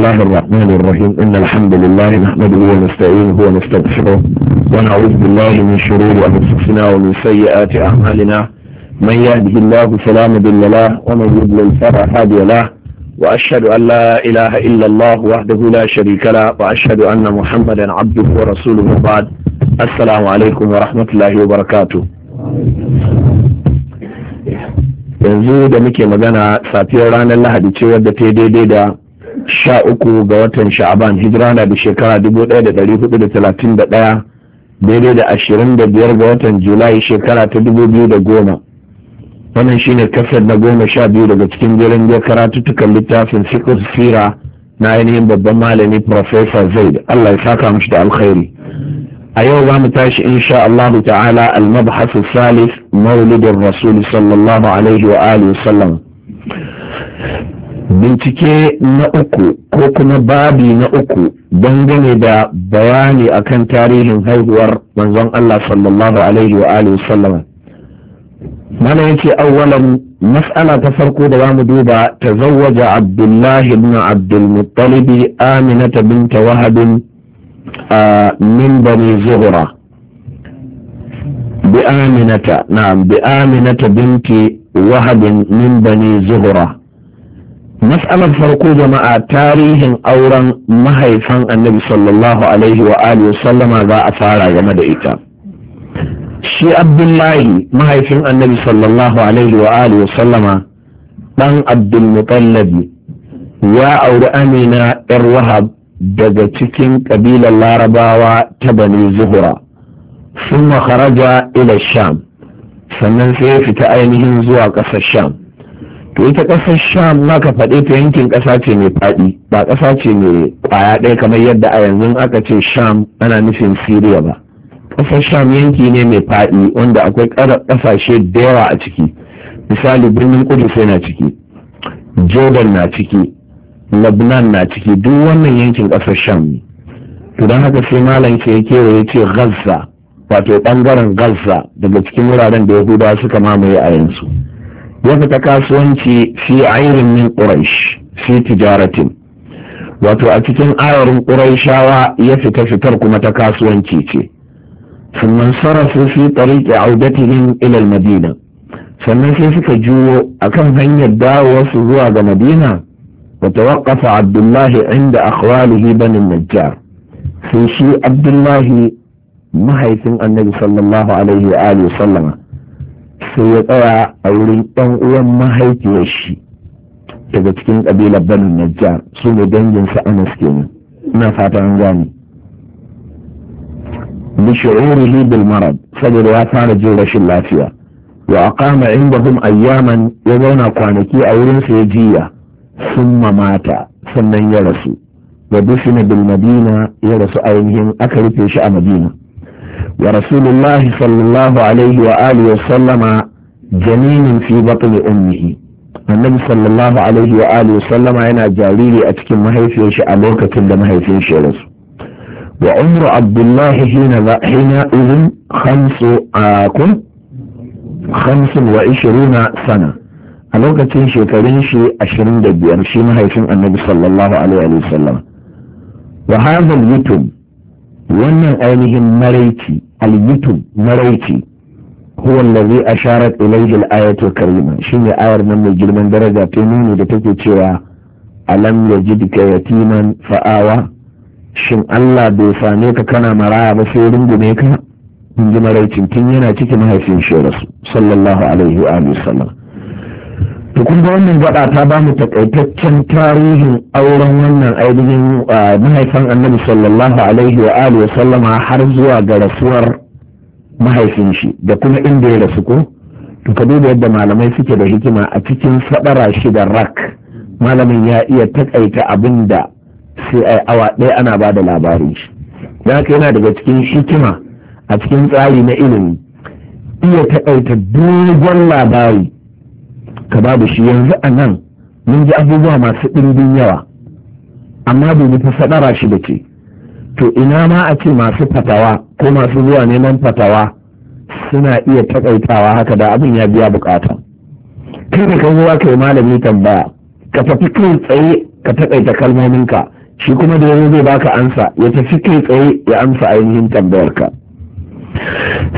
الله الرحمن الرحيم إن الحمد لله نحمده ونستعينه ونستغفره ونعوذ بالله من شرور أنفسنا ومن سيئات أعمالنا من يهده الله فلا مضل له ومن يضلل فلا هادي له وأشهد أن لا إله إلا الله وحده لا شريك له وأشهد أن محمدا عبده ورسوله بعد السلام عليكم ورحمة الله وبركاته yanzu da muke magana safiyar ranar lahadi ce wadda ta daidai da sha uku ga watan sha'aban hijira na da shekara dubu ɗaya da ɗari hudu da talatin da ɗaya daidai da ashirin da biyar ga watan julai shekara ta dubu biyu da goma wannan shine kasar na goma sha biyu daga cikin jerin biyar karatuttukan littafin fiqh Fira" na ainihin babban malami professor zaid allah ya saka mashi da alkhairi a yau za mu tashi insha Allah ta'ala al-mabhasu salis maulidin rasul sallallahu alaihi wa alihi wa sallam bincike na uku ko kuma babi na uku dangane da bayani akan tarihin haihuwar manzon Allah sallallahu alaihi wa sallama mana yace awwalan mas'ala ta farko da zamu duba tazawwaja Abdullahi ibn Abdul Muttalib Aminata Wahabin, Wahab min bani zuhura. bi Aminata na'am bi Aminata binti Wahab min bani Zuhra mas'alar farko jama'a tarihin auren mahaifan annabi sallallahu alaihi wa sallama za a fara game da ita shi abdullahi mahaifin annabi sallallahu alaihi wa sallama dan abdulmutallabi ya auri amina yar wahab daga cikin ƙabilar larabawa ta bani zuhura sun makaraja ila sham sannan sai ya fita ainihin zuwa ƙasar sham to ita ƙasar sham ka faɗe ta yankin ƙasa ce mai faɗi ba ƙasa ce mai ƙwaya ɗaya kamar yadda a yanzu aka ce sham ana nufin siriya ba ƙasar sham yanki ne mai faɗi wanda akwai ƙasashe da yawa a ciki misali birnin kudus yana ciki jordan na ciki lebanon na ciki duk wannan yankin ƙasar sham ne to don haka sai malam ke kewaye ce gaza wato ɓangaren gaza daga cikin wuraren da yahudawa suka mamaye a yanzu ya ta kasuwanci fi ayirin min quraish fi tijaratin wato a cikin ayarin ƙuraishawa ya fita fitar kuma ta kasuwanci ce sannan sarafu fi tariqi audatihim ila al-madina sannan sai suka juyo akan hanyar dawowarsu zuwa ga madina Bata عبد الله inda أخواله بني النجار في شيء عبد الله ما هيثم النبي صلى الله sai ya tsaya a wurin ɗan uwan mahaifiyar daga cikin ƙabilar banin najjar sune ne dangin su anas kenan ina fata an gani bi shu'uri li bil marad saboda ya fara jin rashin lafiya wa aqama indahum ayyaman ya zauna kwanaki a wurin ya jiya summa mata sannan ya rasu wa dufina bil madina ya rasu a ainihin aka rufe shi a madina ورسول الله صلى الله عليه وآله وسلم جنين في بطن أمه النبي صلى الله عليه وآله وسلم أنا جاريري أتكم مهيفي إيش أبوك كل مهيفي إيش وعمر عبد الله حين حين إذن خمس آكم آه، خمس وعشرين سنة أبوك تنش كرنش عشرين دبير شيء مهيفي النبي صلى الله عليه وسلم وهذا اليتم wannan ainihin maraici alyitum maraici huwa allazi asharat ilayhi al-ayatu karima shine ayar nan mai girman daraja ta nuni da take cewa alam yajidka yatiman fa'awa shin Allah bai same ka kana maraya ba sai rungume ka in ji maraicin tun yana cikin mahaifin shi rasu sallallahu alaihi wa sallam to kun ga wannan ta ba mu takaitaccen tarihin auren wannan ainihin mahaifan annabi sallallahu alaihi wa alihi wa sallama har zuwa ga rasuwar mahaifin shi da kuma inda ya rasu ko to ka duba yadda malamai suke da hikima a cikin sabara shi da rak malamin ya iya takaita abin da sai ai awa ɗaya ana ba da labarin shi da haka yana daga cikin hikima a cikin tsari na ilimi iya takaita dogon labari ka ba da shi yanzu a nan mun ji abubuwa masu ɗimbin yawa amma bai fi sadara shi da ke to ina ma a ce masu fatawa ko masu zuwa neman fatawa suna iya takaitawa haka da abin ya biya bukata kai da kan zuwa kai malami tambaya ka tafi kai tsaye ka takaita ka shi kuma da yanzu zai baka ansa ya tafi kai tsaye ya amsa ainihin tambayarka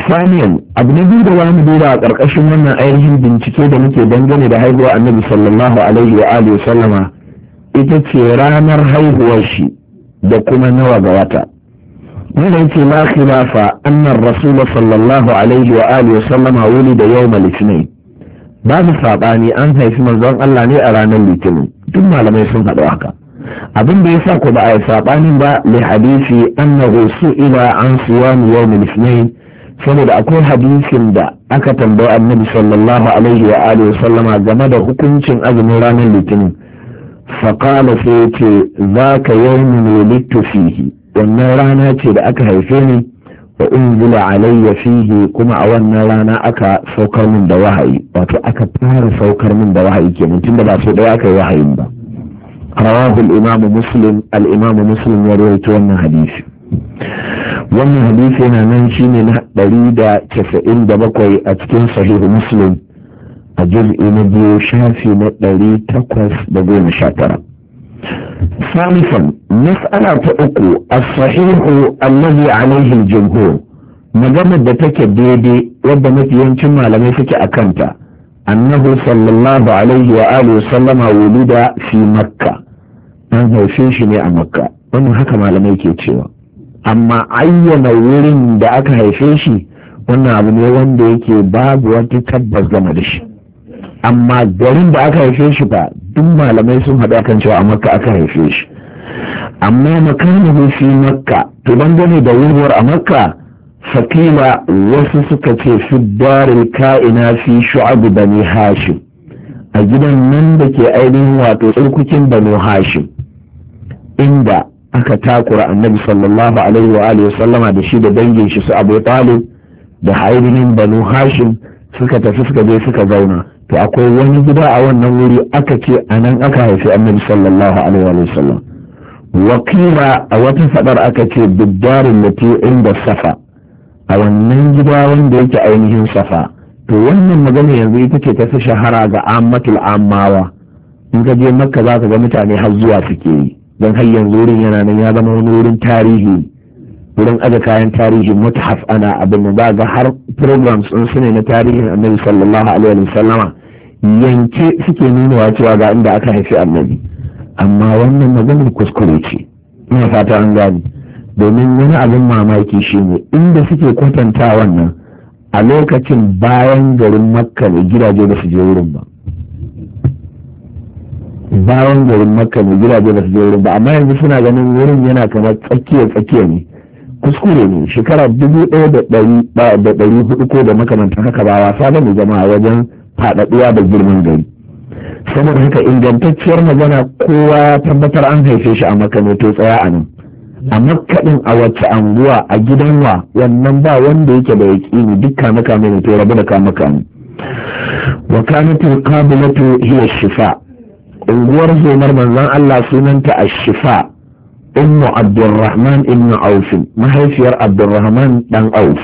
samuel abu na biyu da wani duba a ƙarƙashin wannan ainihin bincike da muke dangane da haihuwa annabi sallallahu alaihi wa alihi sallama ita ce ranar haihuwar shi da kuma nawa ga wata wanda yake ma khilafa annar rasul sallallahu alaihi wa alihi sallama wuli da yau litinin babu saɓani an haifi manzon Allah ne a ranar litinin duk malamai sun haɗu haka abin da yasa ku ba a yi saɓanin ba li hadisi annahu su'ila an siyam yau al-ithnain saboda akwai hadisin da aka tambayi annabi sallallahu alaihi wa alihi sallama game da hukuncin azumin ranar litinin faƙala sai ce za ka zaka yawmun wulidtu fihi wannan rana ce da aka haife ni wa in zula alayya fihi kuma a wannan rana aka saukar min da wahayi wato aka fara saukar min da wahayi kenan da ba so ɗaya aka yi wahayin ba رواه الإمام مسلم الإمام مسلم يروي wannan hadisi wannan hadisi yana nan shine na ɗari da casa'in da bakwai a cikin sahihu muslim a juz'i na biyu shafi na ɗari takwas da goma sha tara ثالثا مسألة أكو الصحيح الذي عليه الجمهور مجمع دتك ديدي ودمت ينتم على ميسك أكنت أنه صلى الله عليه وآله وسلم ولد في مكة an haife shi ne a makka wannan haka malamai ke cewa amma ayyana wurin da aka haife shi wannan abu ne wanda yake babu wata tabbas game da shi amma garin da aka haife shi ba duk malamai sun haɗu kan cewa a makka aka haife shi amma makanahu fi makka to dangane da wurwar a makka fakila wasu suka ce fi darin ka'ina fi shu'abu bani hashim a gidan nan da ke ainihin wato tsirkukin bani hashim inda aka takura annabi sallallahu alaihi wa alihi sallama da shi da dangin shi su abu talib da haibinin banu hashim suka tafi suka je suka zauna to akwai wani gida a wannan wuri aka ce a nan aka haifi annabi sallallahu alaihi wa sallam wakila a wata fadar aka ce biddarin ke inda safa a wannan gida wanda yake ainihin safa to wannan magana yanzu ita ce ta fi shahara ga ammatul ammawa in ka je makka za ka ga mutane har zuwa suke yi don har yanzu wurin yana nan ya zama wani wurin tarihi wurin aje kayan tarihi mutahaf ana abin da ba ga har programs ɗin su ne na tarihin annabi sallallahu alaihi wa sallama yanke suke nunawa cewa ga inda aka haifi annabi amma wannan maganar kuskure ce ina fata an gani domin wani abin mamaki shi ne, inda suke kwatanta wannan a lokacin bayan garin makka ne gidaje da su je wurin ba bayan garin makka ne gidaje da suke wurin ba amma yanzu suna ganin wurin yana kamar tsakiya tsakiya ne kuskure ne shekara dubu ɗaya da ɗari da ɗari hudu ko da makamanta haka ba wasa ba ne jama'a wajen faɗaɗuwa da girman gari saboda haka ingantacciyar magana kowa ya tabbatar an haife shi a makka to tsaya a nan a makaɗin a wacce anguwa a gidan wa wannan ba wanda yake da yaƙini duk kame kame ne to rabu da kame kame wa kanatul qabilatu hiya shifa unguwar zomar manzon Allah sunanta ashifa ummu abdurrahman ibn auf mahaifiyar abdurrahman dan auf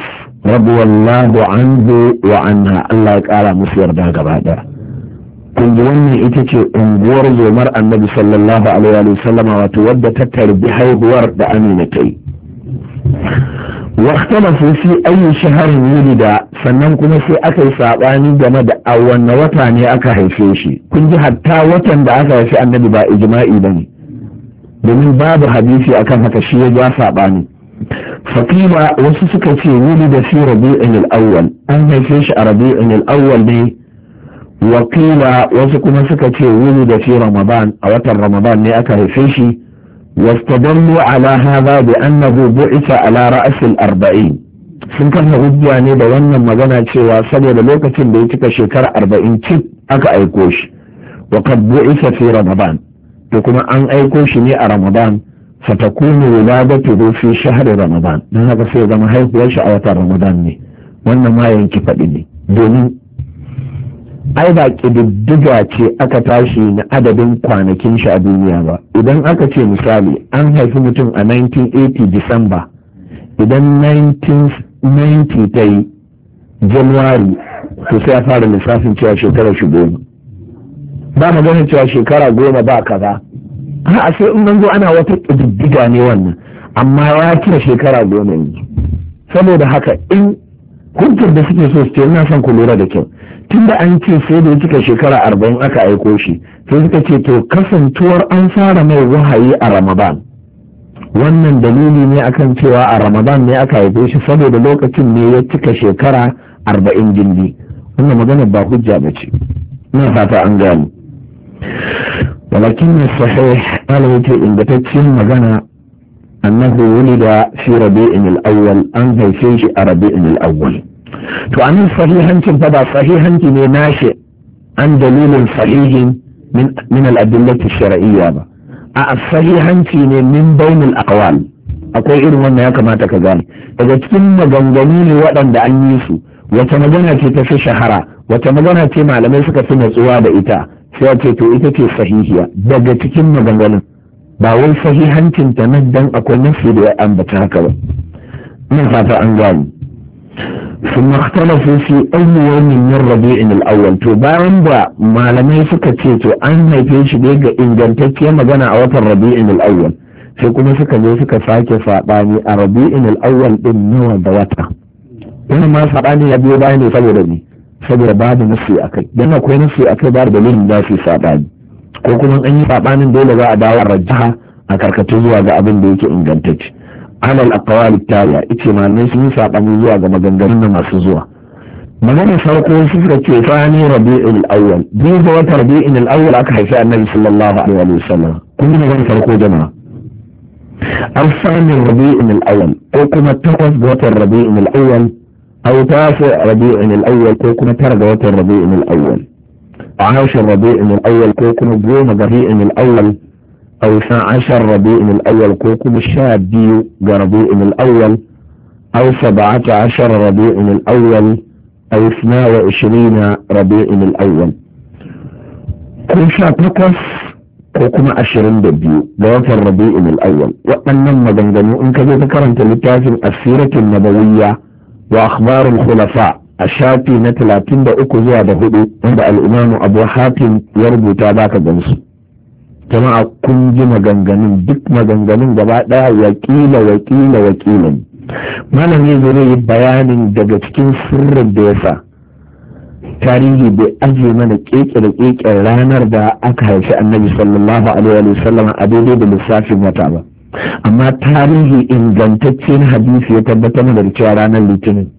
radiyallahu anhu wa anha Allah ya kara musu yarda gaba daya wannan ita ce unguwar zomar annabi sallallahu alaihi wa sallama wato wadda ta tarbi haihuwar da amina ta yi واختلفوا في أي شهر ولد sannan kuma sai aka yi saɓani game da a wanne wata ne aka haife shi kun ji hatta watan da aka haifi annabi ba ijma'i ba ne domin babu hadisi akan haka shi ya ja saɓani fakima wasu suka ce wuli da fi rabi'in al an haife shi a rabi'in al-awwal ne wakila wasu kuma suka ce wuli da fi ramadan a watan ramadan ne aka haife shi واستدلوا على هذا بأنه بعث على رأس الأربعين sun kafa hujja ne da wannan magana cewa saboda lokacin da ya cika shekara arba'in cik aka aiko shi wa bu'isa fi ramadan to kuma an aiko shi ne a ramadan fatakunu ta fi shahar ramadan dan haka sai zama haihuwar shi a watan ramadan ne wannan ma yanki faɗi ne domin ai ba ƙididdiga ce aka tashi na adadin kwanakin shi a duniya ba idan aka ce misali an haifi mutum a 1980 disamba idan 1990 ta yi januwari to sai a fara lissafin cewa shekara shi goma ba magana cewa shekara goma ba kaza a sai in zo ana wata ƙididdiga ne wannan amma ya kira shekara goma yanzu saboda haka in hujjar da suke so su ce ina son ku lura da kyau tun da an ce sai da cika shekara arba'in aka aiko shi sai suka ce to kasantuwar an fara mai wahayi a ramadan wannan dalili ne akan cewa a ramadan ne aka haife shi saboda lokacin ne ya cika shekara arba'in gindi wannan magana ba hujja ba ce na fata an gani walakin sahih yake ingantaccen magana annahu da fi rabi'in al-awwal an haife shi a rabi'in al-awwal to anan sahihancin fa ba sahihanci ne shi an dalilin sahihin min al'adillati shar'iyya ba a sahihanci ne min bainul aqwal akwai irin wannan ya kamata ka gane daga cikin maganganu ne waɗanda an yi su wata magana ce ta fi shahara wata magana ce malamai suka fi natsuwa da ita sai a ce to ita ce sahihiya daga cikin maganganun ba wai sahihancin ta nan dan akwai nafi da ya ambata haka ba ina fata an gane ثم اختلفوا في أي يوم من ربيع الأول تو bayan ba malamai suka ce to an haife shi ne ga ingantacciyar magana a watan rabi'in al-awwal sai kuma suka zo suka sake saɓani a rabi'in al-awwal din nawa da wata wannan ma saɓani ya biyo bayan ne saboda ni saboda babu nasi akai dan akwai nasi akai da dalilin da su saɓani ko kuma an yi saɓanin dole za a dawo a rajaha a karkatu zuwa ga abin da yake ingantacce على الأقوال التالية اتي ما نسمي ساقني زوا قم جنجرنا ما سزوا مغانا سوقوا سفرة ثاني ربيع الأول دي هو ربيع الأول أك حيث النبي صلى الله عليه وسلم كم مغانا سوقوا جماعة الثاني ربيع الأول كوكما تقف بوت الربيع الأول أو تاسع ربيع الأول كوكما ترق بوت الربيع الأول عاش الربيع الأول كوكما بوما ربيع الأول او اثنى عشر ربيع من الاول كوكب الشاب ديو ربيع من الاول او سبعة عشر ربيع من الاول او اثنى وعشرين ربيع من الاول كل شاطكس كوكما عشرين ديو دوات الربيع من الاول وانا ما دنجنو ان كذا ذكرت لتازم السيرة النبوية واخبار الخلفاء الشاطي نتلا تندأ كزوا دهدو عند الامام ابو حاتم يربو تاباك بنسو jama'a kun ji maganganun duk maganganun gaba daya wakila wakila wakila malam ya yi bayanin daga cikin sirrin da ya sa tarihi bai aje mana keke da ranar da aka haifi annabi sallallahu alaihi wa sallam a daidai da lissafin wata ba amma tarihi na hadisi ya tabbatar da cewa ranar litinin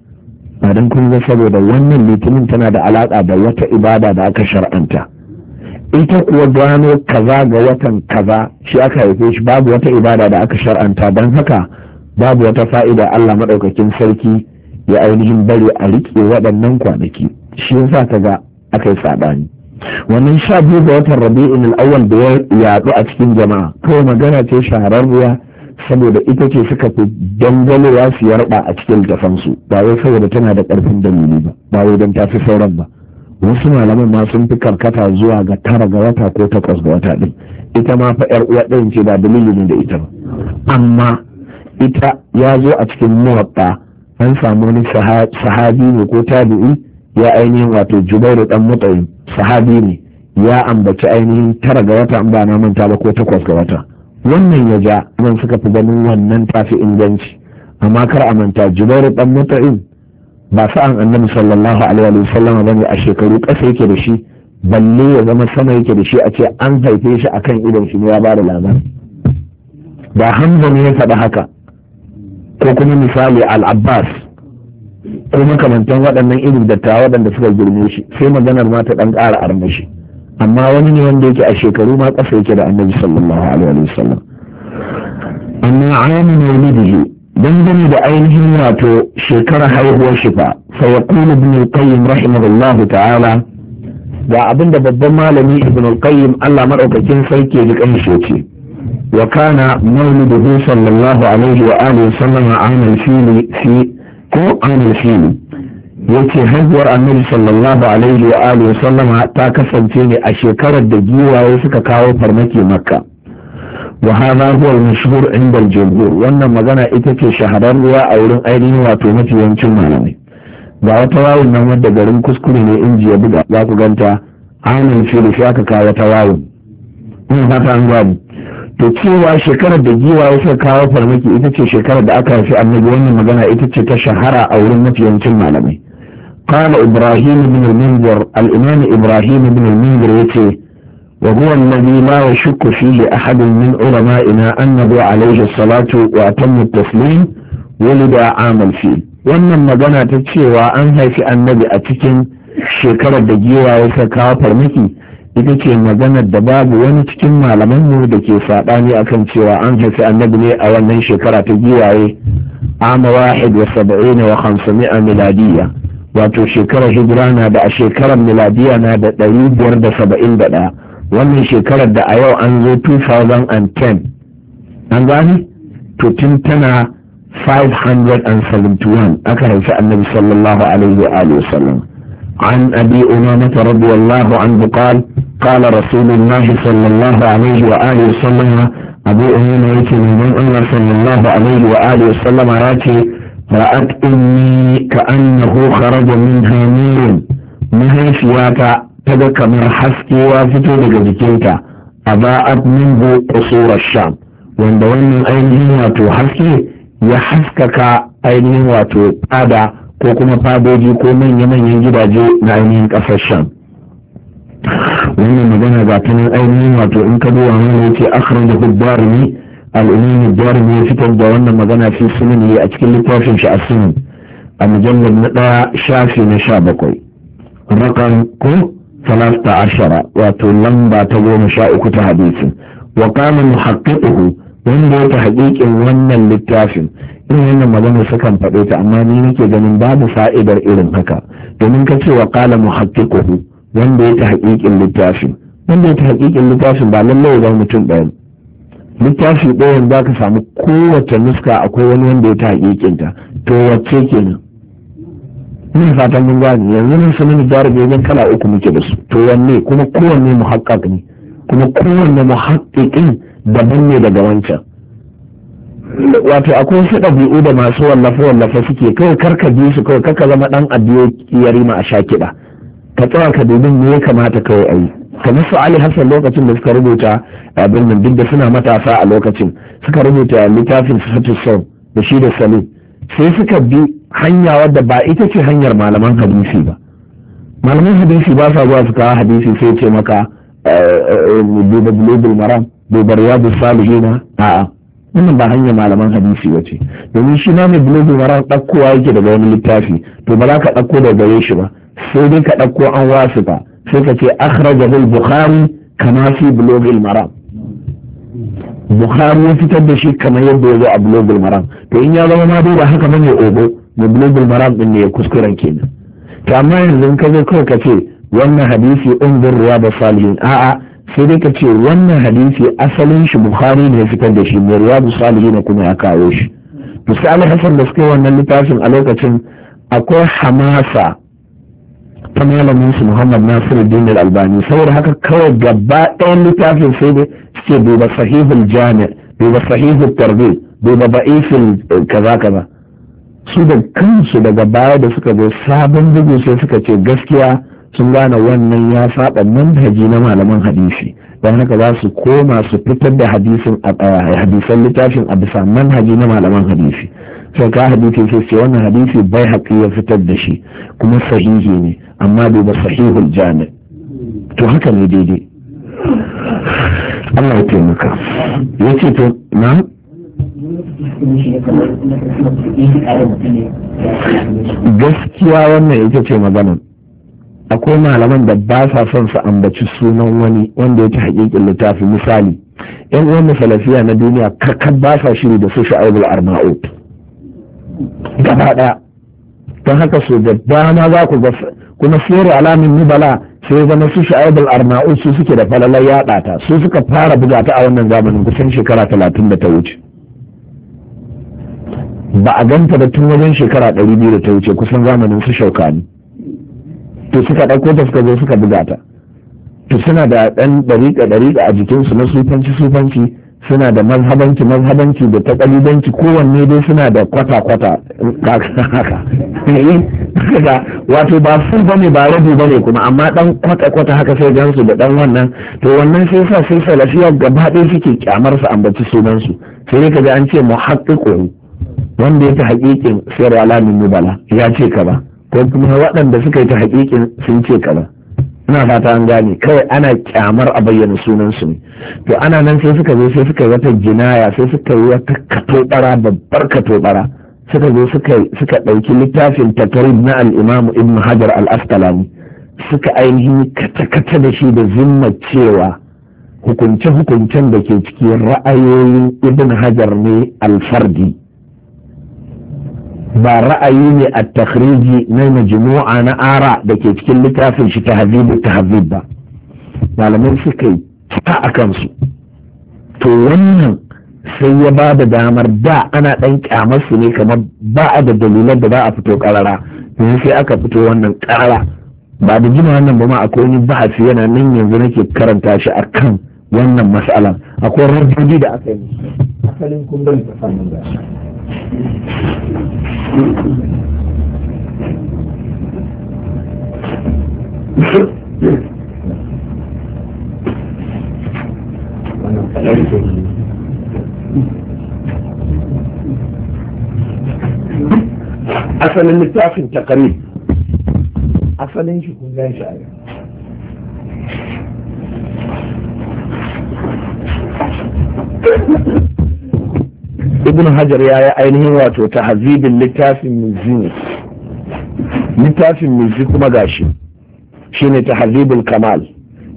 ba don kun saboda wannan litinin tana da alaƙa da wata ibada da aka shar'anta. ita kuwa gano kaza ga watan kaza shi aka haife shi babu wata ibada da aka shar'anta don haka babu wata fa'ida Allah maɗaukakin sarki ya ainihin bari a riƙe waɗannan kwanaki shi yasa ta ga aka yi saɓani wannan sha biyu ga watan rabi'in al'awwal da ya yaɗu a cikin jama'a kawai magana ce shahararriya saboda ita ce suka fi dangalowa su yarɓa a cikin littafansu ba wai saboda tana da ƙarfin dalili ba ba wai don ta fi sauran ba wasu malaman ma sun fi karkata zuwa ga tara ga wata ko takwas ga wata din ita ma fa yar uwa ɗayan ce ba dalilin ne da ita ba amma ita ya zo a cikin muwatta an samu wani sahabi ne ko tabi'i ya ainihin wato jubairu dan mutsayi sahabi ne ya ambaci ainihin tara ga wata ba na manta ba ko takwas ga wata wannan ya ja nan suka fi ganin wannan tafi inganci amma kar a manta jubairu dan mutsayi ba sa'an annabi sallallahu alaihi wa sallam bane a shekaru ƙasa yake da shi balle ya zama sama yake da shi a ce an haife shi akan idon shi ne ya ba da labari da hamza ne ya faɗi haka ko kuma misali al-abbas ko makamantan waɗannan irin dattawa waɗanda suka girme shi sai maganar ma ta ɗan ƙara armashi amma wani ne wanda yake a shekaru ma ƙasa yake da annabi sallallahu alaihi wa sallam amma ayyana ne dangane da ainihin wato shekarar haihuwar shi fa sai ya kuma ibn qayyim rahimahullahu ta'ala ga abin da babban malami ibn qayyim Allah madaukakin sarki da kan shi ce wa kana mawliduhu sallallahu alaihi wa alihi wa sallam amal fili fi ko amal fili yace haihuwar annabi sallallahu alaihi wa alihi wa sallama ta kasance ne a shekarar da giwaye suka kawo farmaki makka wa hadha huwa mashhur inda al-jumhur wannan magana ita ce shahararruwa a wurin ainihin wato mafiyancin malamai ga wata wawun nan wadda garin kuskure ne inji ya buga za ku ganta amin shiru shi kawo wata in haka an gwabi to cewa shekarar da giwa ya sa kawo farmaki ita ce shekarar da aka haifi annabi wannan magana ita ce ta shahara a wurin mafiyancin malamai قال إبراهيم al المنذر ibrahim إبراهيم بن المنذر يتي وهو الذي لا يشك فيه أحد من علمائنا أنه عليه الصلاة وأتم التسليم ولد عام الفيل wannan magana ta cewa an haifi annabi a cikin shekarar da giwa ya kawo farmaki ita ce maganar da babu wani cikin malaman mu da ke saɓani akan cewa an haifi annabi ne a wannan shekara ta giwaye ama wahid wa saba'ina wa a miladiyya wato shekarar hijira na da a shekarar miladiyya na da ɗari biyar da saba'in da ɗaya wannan shekarar da a yau an zo 2010 an gani to tun tana 571 aka haifi annabi sallallahu alaihi wa sallam an abi umama ta radiyallahu an buqal qala rasulullahi sallallahu alaihi wa alihi sallam abi umama yake ne dan Allah sallallahu alaihi wa alihi sallam yake ra'at inni ka annahu kharaja min hamirin mahaifiyata ta kamar haske ya fito daga jikinta a ba'at minhu qusurar sham wanda wannan ainihin wato haske ya haskaka ainihin wato fada ko kuma fadoji ko manya-manyan gidaje na ainihin ƙasar sham wannan magana ga ta nan ainihin wato in ka duba mana yake akhra da hubbarni al'ummi hubbarni ya fitar da wannan magana fi sunan a cikin littafin shi a sunan a mujallad na ɗaya shafi na sha bakwai rakan ko talata ashara wato lamba ta goma sha uku ta hadisi wa kama muhaqqiquhu wanda yake haƙiƙin wannan littafin irin wannan magana sukan faɗe ta amma ni nake ganin babu fa'idar irin haka domin ka ce wa qala muhaqqiquhu wanda ta haƙiƙin littafin wanda ta haƙiƙin littafin ba lallai ba mutum ɗaya littafi ɗayan za ka samu kowace nuska akwai wani wanda ya ta haƙiƙinta to wacce kenan min fatan mun gane yanzu nan sunan jarabe wajen kala uku muke da su to wanne kuma kowanne muhakkak ne kuma kowanne muhakkikin daban ne daga wancan wato akwai wasu ɗabi'u da masu wallafa-wallafa suke kawai karka bi su kawai karka zama ɗan abiyo ma a sha kiɗa ka tsawa ka dubin me ya kamata kawai ayi kamar su Ali Hassan lokacin da suka rubuta abin nan duk da suna matasa a lokacin suka rubuta littafin Sifatu Sau da shi da Salim sai suka bi hanya wadda ba ita ce hanyar malaman hadisi ba malaman hadisi ba sa zuwa su kawo hadisi sai ce maka eh, eh, duba global maram duba riyadu salihina a'a wannan ba hanyar malaman hadisi ba ce domin shi na mai bulogin maram ɗaukowa yake daga wani littafi to ba za ka ɗauko daga gare shi ba sai dai ka ɗauko an wasu ba sai ka ce akhraja bil bukhari kama fi bulogin maram bukhari ya fitar da shi kamar yadda ya zo a bulogin maram to in ya zama ma dai ba haka mai obo bulugul maram din ne ya kuskuren kenan to amma yanzu ka zo kawai ka ce wannan hadisi umbur ruwa da salihin a'a sai dai ka ce wannan hadisi asalin shi bukhari ne ya fitar da shi mai ruwa da salihin kuma ya kawo shi to sai da suka yi wannan littafin a lokacin akwai hamasa ta malamin su Muhammad Nasiru Dinar Albani saboda haka kawai gaba ɗayan littafin sai dai suke duba sahihul jami duba sahihul tarbi duba ba'ifin eh, kaza kaza su da kansu daga baya da suka zo sabon bugu sai suka ce gaskiya sun gane wannan ya saba manhaji na malaman hadisi don haka za su koma su fitar da hadisan littafin a bisa manhaji na malaman hadisi sai ka hadisi sai ce wannan hadisi bai haƙi ya fitar da shi kuma sahihi ne amma ba sahihul jami to haka ne daidai Allah ya taimaka ya ce to na gaskiya wannan ita ce magana akwai malaman da ba sa son su ambaci sunan wani wanda ya ci hakikin littafi misali yan uwan salafiya na duniya kakkan ba sa shiri da su sha'ibul Arma'u. gaba daya don haka su da dama za ku ga kuma siyarwa alamin nubala sai zama su sha'ibul Arma'u su suke da falalar yaɗa ta su suka fara buga ta a wannan zamanin kusan shekara talatin da ta wuce ba a ganta da tun wajen shekara ɗari biyu da ta wuce kusan zamanin su shaukani to suka ɗauko ta suka zo suka buga ta to suna da ɗan ɗariƙa ɗariƙa a jikinsu na sufanci sufanci suna da mazhabanci mazhabanci da ta ƙalibanci kowanne dai suna da kwata kwata haka wato ba su ne ba rabu bane kuma amma ɗan kwata kwata haka sai gansu da ɗan wannan to wannan sai sa sai salafiya gaba ɗaya suke kyamar su ambaci sunansu sai ka ga an ce mu muhaqqiqun wanda ya ta haƙiƙin sayar alamin nubala ya ce ka ba ko kuma waɗanda suka yi ta haƙiƙin sun ce ka ba ina fata an gane kawai ana kyamar a bayyana sunansu ne to ana nan sai suka zo sai suka yi wata jinaya sai suka yi wata katobara babbar katobara suka zo suka ɗauki littafin takarib na al'imamu ibn hajar al suka ainihin kata-kata da shi da zimma cewa hukunce-hukuncen da ke cikin ra'ayoyin ibn hajar ne alfardi ba ra'ayi ne a takhriji na majmu'a na ara da ke cikin littafin shi ta habibu ta habib ba malamai suka yi ta a kansu to wannan sai ya ba da damar da ana ɗan kyamarsu ne kamar ba a da dalilan da ba a fito karara yanzu sai aka fito wannan karara ba da jima wannan ba ma akwai wani bahasi yana nan yanzu nake karanta shi a kan wannan mas'alan akwai rajoji da aka yi asalin kun bari ta samun asalin littafin takami asalin shi kun gan shi a Thank you. ibn hajar ya yi ainihin wato tahzibin littafin mizi littafin mizi kuma gashi shine tahzibul kamal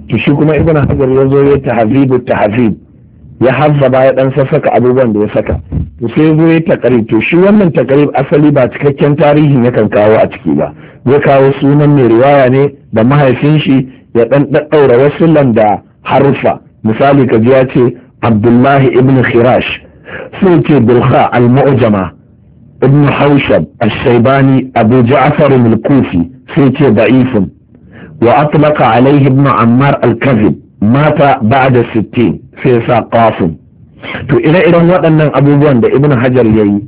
to shi kuma ibn hajar ya zo ya tahzibu tahzib ya hazzaba ya dan sassaka abubuwan da ya saka to sai zo ya takarib to shi wannan takarib asali ba cikakken tarihi yakan kawo a ciki ba zai kawo sunan mai riwaya ne da mahaifin shi ya dan daddaura wasu landa harufa misali ka ce abdullahi ibn khirash sai ce bilha al maujama ibn haushab al-shaibani abu ja'far al sai ce da'ifun wa atlaqa alaihi ibn ammar al-kazib mata da 60 sai sa kafin to ire-iren waɗannan abubuwan da ibn hajar yayi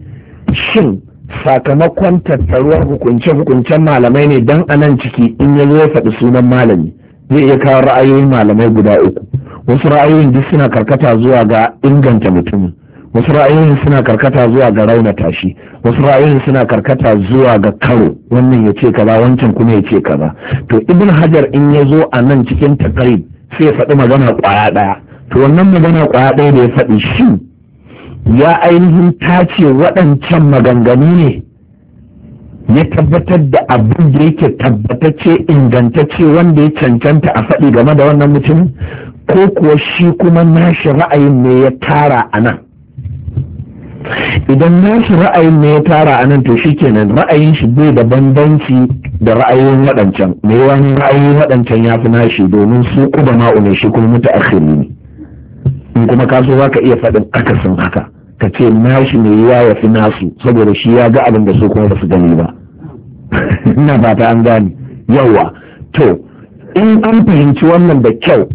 shin sakamakon tattaruwar hukunce-hukuncen malamai ne don anan ciki in ya zo ya faɗi sunan malami zai iya kawo ra'ayoyin malamai guda uku wasu ra'ayoyin duk suna karkata zuwa ga inganta mutum wasu ra'ayoyin suna karkata zuwa ga rauna tashi wasu ra'ayoyin suna karkata zuwa ga karo wannan ya ce kaza wancan kuma ya ce kaza to ibn hajar in ya zo a nan cikin takarib sai ya faɗi magana ƙwaya ɗaya to wannan magana ƙwaya ɗaya da ya faɗi shi ya ainihin tace waɗancan maganganu ne ya tabbatar da abin da yake tabbatace ingantacce wanda ya cancanta a faɗi game da wannan mutumin ko kuwa shi kuma nashi ra'ayin ne ya tara a nan idan nashi ra'ayin ne ya tara a nan to shikenan ra'ayin shi bai da bambanci da ra'ayoyin waɗancan mai wani ra'ayoyin waɗancan ya fi nashi domin su kuma ma'u ne shi kuma mutu akhiri in kuma ka so za ka iya faɗin akasin haka ka ce nashi mai yiwa ya fi nasu saboda shi ya ga abin da su kuma ba su gani ba ina ba ta an gane yawa to in an fahimci wannan da kyau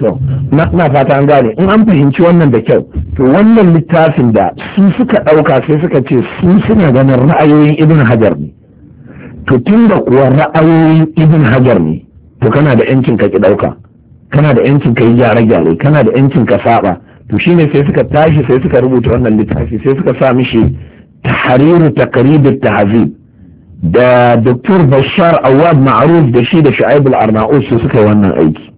to na fata an gane in an fahimci wannan da kyau to wannan littafin da su suka ɗauka sai suka ce su suna ganin ra'ayoyin ibn hajar ne to tun da kuwa ra'ayoyin ibn hajar ne to kana da yancin ka ki ɗauka kana da yancin ka yi gyare-gyare kana da yancin ka saba to shine sai suka tashi sai suka rubuta wannan littafi sai suka sa mishi tahriru taqribut tahzib da Dr. Bashar Awad Ma'ruf da shi da Shu'aib Al-Arnaud su suka yi wannan aiki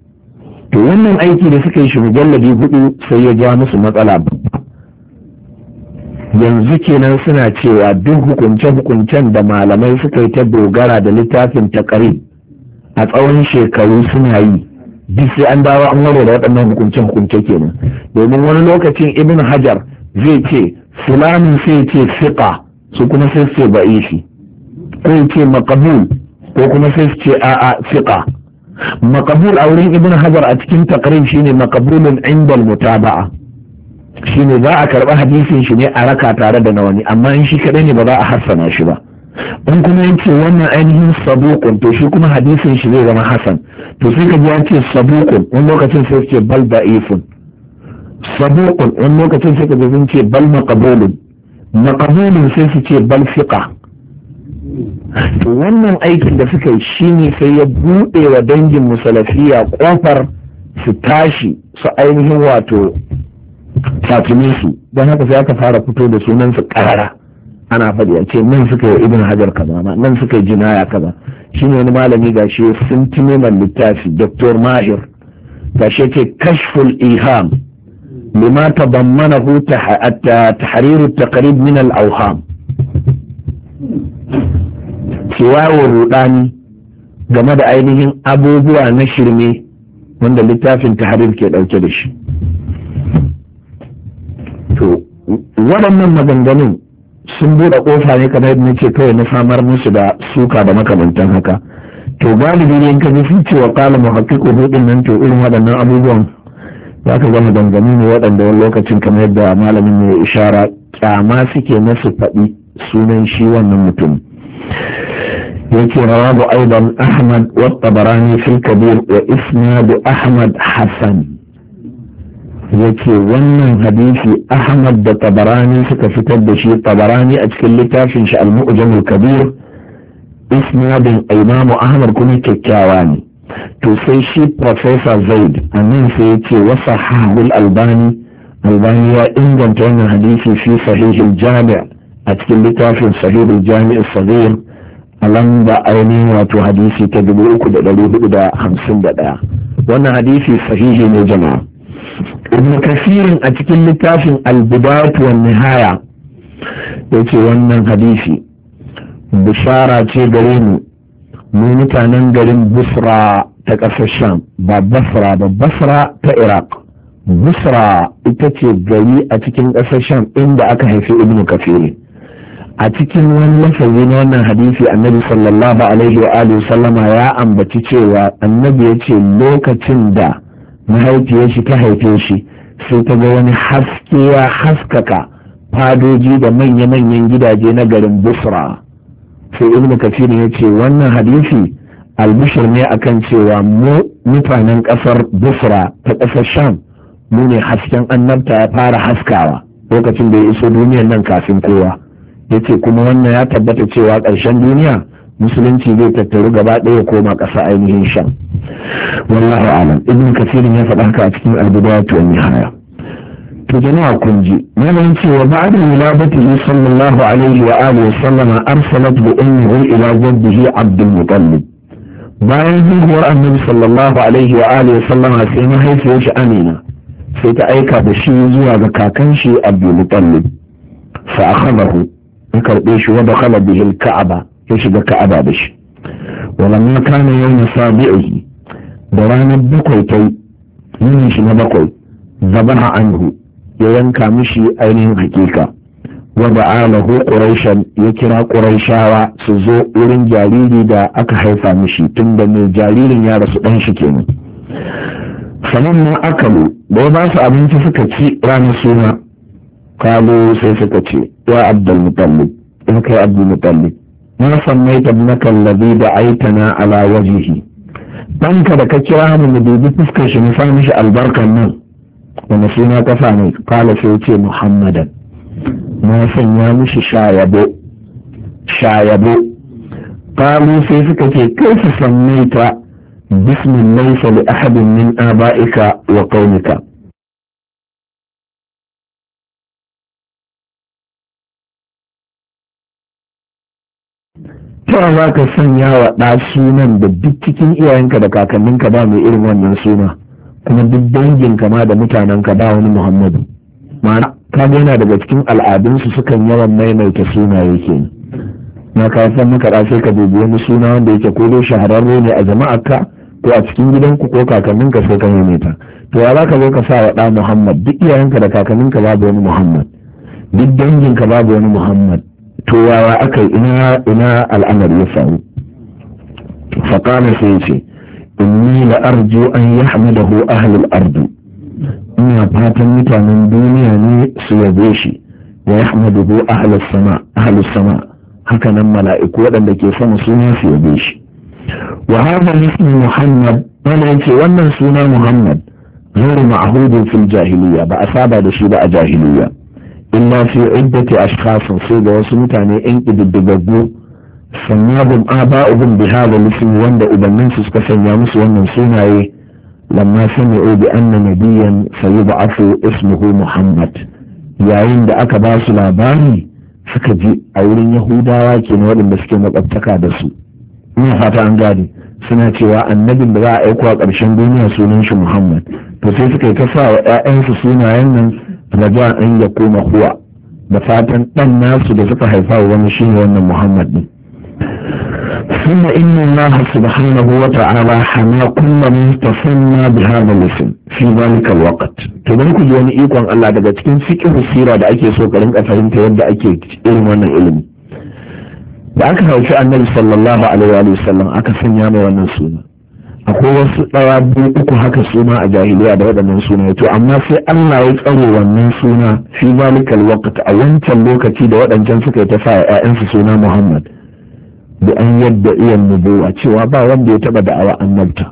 to wannan aiki da suka yi shi mujallabi hudu sai ya ja musu matsala yanzu kenan suna cewa duk hukunce-hukuncen da malamai suka yi ta dogara da littafin ta takari a tsawon shekaru suna yi duk sai an dawo an ware da waɗannan hukunce-hukunce kenan domin wani lokacin ibn hajar zai ce fulanin sai ce siƙa su kuma sai ce ba'ishi ko ce makabul ko kuma sai ce a'a siƙa makabul a wurin ibn hajar a cikin takrib shine makabulun indal mutaba'a shine za a karɓi hadisin shi ne a raka tare da na wani amma in shi kaɗai ne ba za a hassana shi ba in kuma ce wannan ainihin sabuqun to shi kuma hadisin shi zai zama hasan to sai ka ji ya ce sabuqun wani lokacin sai ce bal da'ifun sabuqun wani lokacin sai ka ji sun ce bal maqbulun maqbulun sai su ce bal fiqa wannan aikin da suka yi shine sai ya buɗe wa dangin musalafiya ƙofar su tashi su ainihin wato fatimi su don haka sai aka fara fito da sunan su karara ana faɗi a ce nan suka yi ibn hajar kaza ma nan suka yi jinaya kaza shine wani malami gashi sun tume man littafi dr mahir gashi yake kashful iham لما تضمنه ta التقريب من الأوهام kiwawo rudani game da ainihin abubuwa na shirme wanda littafin taharir ke dauke da shi to waɗannan maganganun sun buɗe ƙofa ne kamar yadda nake kawai na samar musu da suka da makamantan haka to galibi ne ka ji cewa kala mu haƙiƙo hudin nan to irin waɗannan abubuwan za ka gama dangane ne waɗanda wani lokacin kamar yadda malamin ya ishara kyama suke na su faɗi sunan shi wannan mutum التي رواه ايضا احمد والطبراني في الكبير واسناد احمد حسن يكي ظن حديث احمد الطبراني كتب شيء طبراني اتكلتا في انشاء المؤجم الكبير اسناد الامام احمد كن كيكاواني توسي بروفيسور زيد امين سيتي وصححه الالباني الباني وانجنت عن حديثي في صحيح الجامع اتكلتا في صحيح الجامع الصغير lamba ainihin wato hadisi ta dubu uku da dari hudu da hamsin da ɗaya wannan hadisi sahihi ne jama'a ibn kasirin a cikin littafin albidayat wa nihaya yace wannan hadisi bishara ce gare mu mu mutanen garin busra ta ƙasar sham ba basra ba basra ta iraq busra ita ce gari a cikin ƙasar sham inda aka haifi ibn kasirin a cikin wani lafazi na wannan hadisi annabi sallallahu alaihi wa alihi sallama ya ambaci cewa annabi ya ce lokacin da mahaifiyar shi ta haife shi sai ta ga wani haske ya haskaka fadoji da manya-manyan gidaje na garin busra sai ibnu kafir ya ce wannan hadisi albishir ne akan cewa mu mutanen kasar busra ta kasar sham mu ne hasken annabta ya fara haskawa lokacin da ya iso duniyar nan kafin kowa yace kuma wannan ya tabbata cewa ƙarshen duniya musulunci zai tattaru gaba ɗaya koma ƙasa ainihin sham wallahu alam ibn kasirin ya faɗa haka a cikin albidayatu wa nihaya to jama'a kun ji malamin cewa ba'da wilabatihi sallallahu alaihi wa alihi sallama arsalat bi ummihi ila jaddihi abdul muttalib bayan haihuwar annabi sallallahu alaihi wa alihi sallama sai mahaifiyar shi amina sai ta aika da shi zuwa ga kakan shi abdul muttalib fa akhadahu ya karɓe shi wa dakhala bihi ka'aba ya shiga ka'aba da shi walamma kana yawm sabi'i da ranar bakwai tai yin shi na bakwai zabaha anhu ya yanka mishi ainihin hakika wa Alahu quraishan ya kira ƙuraishawa su zo wurin jariri da aka haifa mishi tunda mai jaririn ya rasu ɗan shi kenan sannan akalu da ba su abinci suka ci ranar suna kalu sai suka ce ya abdul mutallib in kai abdul mutallib na sammai tabnaka ladi da aitana ala wajihi ɗanka da ka kira mu mu dubi fuskar shi mu sa mishi albarkan nan wani suna kasa ne kala sai ce muhammadan na sanya mishi shayabo shayabo kalu sai suka ce kai su sammai ta bismin li ahadin min aba'ika wa qaumika ta za ka sanya wa ɗa sunan da duk cikin iyayenka da kakanninka ba mai irin wannan suna kuma duk dangin ma da mutanenka ba wani muhammadu ma'ana ka yana daga cikin al'adunsu sukan yawan maimaita sunaye ke na ka san maka ɗa sai ka dubi wani suna wanda yake ko dai shahararre ne a jama'arka ko a cikin gidanku ko kakanninka sai ka maimaita to ya za ka zo ka sa wa ɗa muhammad duk iyayenka da kakanninka babu wani muhammad duk danginka babu wani muhammad to wawa aka ina ina al'amari ya faru faƙala sai ce inni la arju an yahmadahu ahlul ardi ina fatan mutanen duniya ne su yabe shi wa yahmaduhu ahlus sama sama haka nan mala'iku waɗanda ke sama suna su yabe shi wa hadha ismu muhammad wanda wannan suna muhammad ghairu ma'hudin fil jahiliya ba a saba da shi ba a jahiliya na fi iddati ashkhasin sai da wasu mutane yan kididdigaggu sannabum aba'uhum bi hada lufin wanda ubannin su suka sanya musu wannan sunaye lamma sami'u bi anna nabiyyan sayub'athu ismuhu muhammad yayin da aka ba su labari suka ji a wurin yahudawa ke na waɗanda suke makwabtaka da su ina fata an gane suna cewa annabin da za a aiko a ƙarshen duniya sunan shi muhammad to sai suka yi ta sa wa 'ya'yansu sunayen nan raja an ya koma huwa da fatan dan nasu da suka haifa wani shine wannan muhammad din ثم إن الله سبحانه وتعالى حمى كل من تسمى بهذا الاسم في ذلك الوقت تبارك جوان إيقوان Allah daga cikin fiqh sira da ake so ka rinka fahimta yadda ake irin wannan ilimi da aka hauci annabi sallallahu alaihi wa sallam aka sanya mai wannan suna akwai wasu ɗawa biyu uku haka suna a jahiliya da waɗannan suna to amma sai Allah ya tsaro wannan suna fi zalikal waqt a wancan lokaci da waɗancan suka yi ta sa ƴaƴansu suna Muhammad da an yadda iyan nubuwa cewa ba wanda ya taba da'awa annabta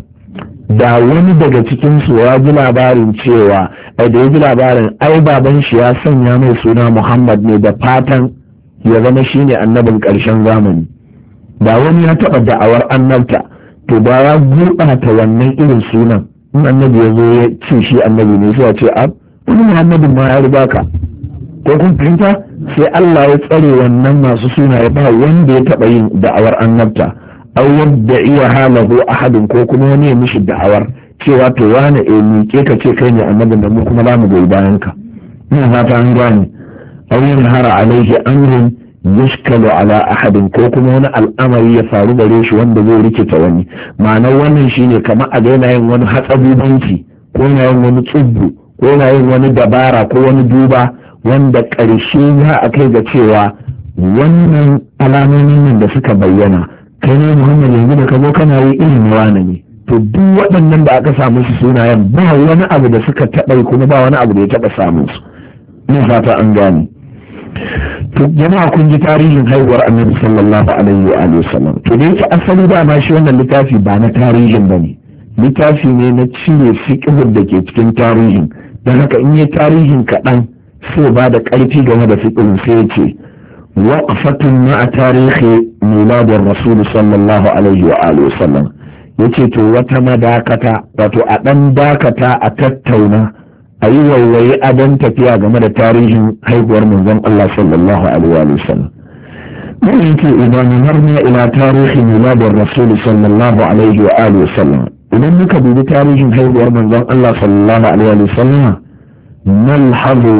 da wani daga cikin su ya ji labarin cewa a da ya ji labarin ai baban shi ya sanya mai suna Muhammad ne da fatan ya zama shine annabin ƙarshen zamani da wani ya taba da'awar annabta to ba ya gurɓata wannan irin sunan in annabi ya zo ya ce shi annabi ne sai ce a wani muhammadin ma ya riga ka ko kun fahimta sai Allah ya tsare wannan masu suna ya ba wanda ya taɓa yin da'awar annabta aw yadda iya halahu ahadin ko kuma wani ya mishi da'awar cewa to wani e eh, miƙe ka ce kai ne annabi da mu kuma za mu goyi bayan ka ina fata an gane aw yanhara alaihi amrun yashkalu ala ahadin ko kuma wani al'amari ya faru gare shi wanda zai rikita wani ma'anar wannan shine kamar a ga yin wani hatsabubanci ko na yin wani tsubbu ko na yin wani dabara ko wani duba wanda ƙarshe za a kai ga cewa wannan alamomin nan da suka bayyana kai ne muhammad yanzu da ka zo kana yi irin wani ne to duk waɗannan da aka samu su sunayen ba wani abu da suka taɓa kuma ba wani abu da ya taɓa samun su ina fata an gane jama'a kun ji tarihin haihuwar annabi sallallahu alaihi wa alihi wasallam to da yake asali da ma shi wannan littafi ba na tarihin ne littafi ne na cire fiqhun da ke cikin tarihin dan haka in yi tarihin kaɗan sai ba da ƙarfi game da fiqhun sai ya ce waqfatun ma'a tarihi miladin rasul sallallahu alaihi wa alihi wasallam yace to wata madakata wato a dan dakata a tattauna a yi waiwaye adon tafiya game da tarihin haihuwar manzon Allah sallallahu alaihi wa sallam. Mun yanke idan har ne ila tarihin miladin Rasulu sallallahu alaihi wa sallam. Idan muka dubi tarihin haihuwar manzon Allah sallallahu alaihi wa sallam mal hadu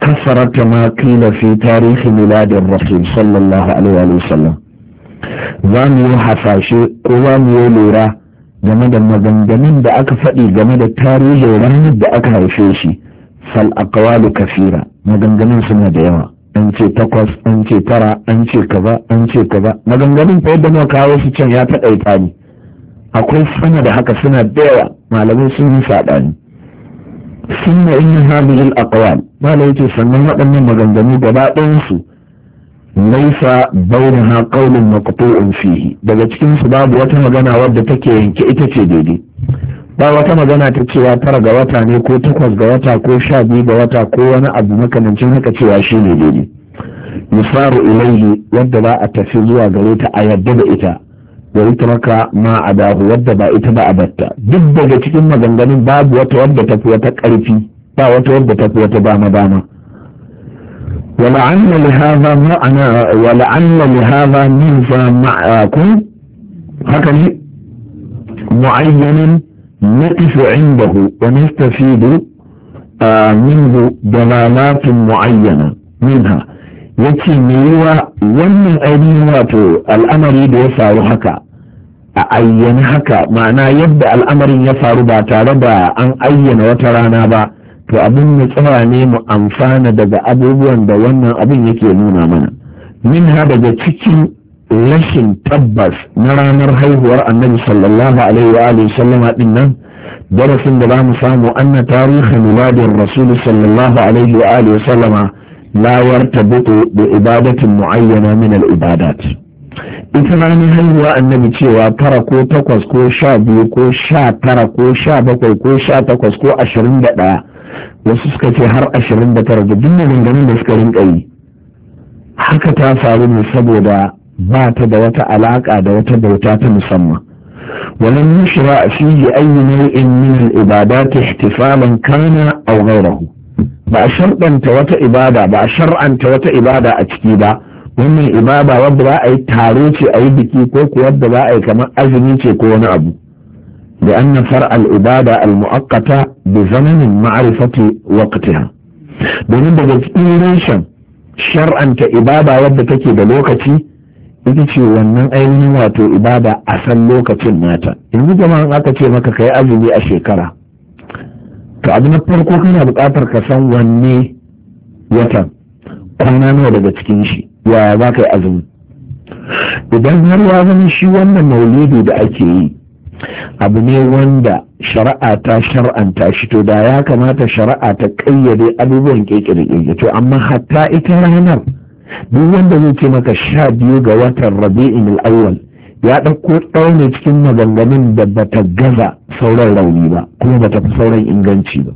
kasarar ta ma kila fi tarihin miladin alaihi wa sallam. Za mu yi hasashe ko za mu yi lura. game da maganganun da aka faɗi game da tarihin ranar da aka haife shi fal aqwalu kafira maganganun suna da yawa an ce takwas an ce tara an ce kaza an ce kaza maganganun fa yadda muka kawo su can ya taɗaita ni akwai sana da haka suna da yawa malamai sun yi ne sunna in hadhihi al aqwal malai ce sannan waɗannan maganganu gaba ɗayan su laisa bainaha qawlun maqtu'un fihi daga cikin su babu wata magana wadda take yanke ita ce daidai ba wata magana ta cewa tara ga wata ne ko takwas ga wata ko sha biyu ga wata ko wani abu makamancin haka cewa shi ne daidai yusaru ilaihi wadda za a tafi zuwa gare ta a yadda da ita wa yutraka ma adahu wadda ba ita ba a batta duk daga cikin maganganun babu wata wadda tafi wata karfi ba wata wadda tafi wata bama dama ولعل لهذا معنى ولعل لهذا ميزة معكم هكذا معين نقف عنده ونستفيد منه دلالات معينة منها yace me wannan ainihin wato al'amari da ya faru haka a ayyana haka ma'ana yadda al'amarin ya faru ba tare da an ayyana wata rana ba to abin nutsuwa ne mu amfana daga abubuwan da wannan abin yake nuna mana min ha daga cikin rashin tabbas na ranar haihuwar annabi sallallahu alaihi wa alihi sallama din nan darasin da zamu samu anna tarihin miladin rasul sallallahu alaihi wa alihi sallama la yartabitu bi ibadatin muayyana min al ibadat ita ranar haihuwa annabi cewa tara ko takwas ko sha biyu ko sha tara ko sha bakwai ko sha takwas ko ashirin da ɗaya wasu suka ce har ashirin da tara da duk maganganun da suka rinka yi haka ta faru ne saboda ba ta da wata alaƙa da wata bauta ta musamman a ولم يشرع فيه أي نوع من العبادات shar'anta wata ibada Ba a shar'anta wata ibada a ciki ba, wannan ibada wadda za a yi taro ce a yi biki ko kuwa wadda za a yi kamar azumi ce ko wani abu لأن فرع الإبادة المؤقتة بزمن معرفة وقتها domin daga cikin reshen shar'anta ibada wadda take da lokaci ita ce wannan ainihin wato ibada a san lokacin nata yanzu jama'an aka ce maka ka yi azumi a shekara to abu na farko kana buƙatar ka san wanne watan kwana nawa daga cikin shi ya za ka yi azumi idan har ya zama shi wannan maulidi da ake yi abu ne wanda shari'a ta shar'anta shi to da ya kamata shari'a ta ƙayyade abubuwan kekere da to amma hatta ita ranar duk wanda zai ce maka sha biyu ga watan rabi'in al'awwal ya ɗauko ɗaune cikin maganganun da bata gaza sauran rauni ba kuma bata fi sauran inganci ba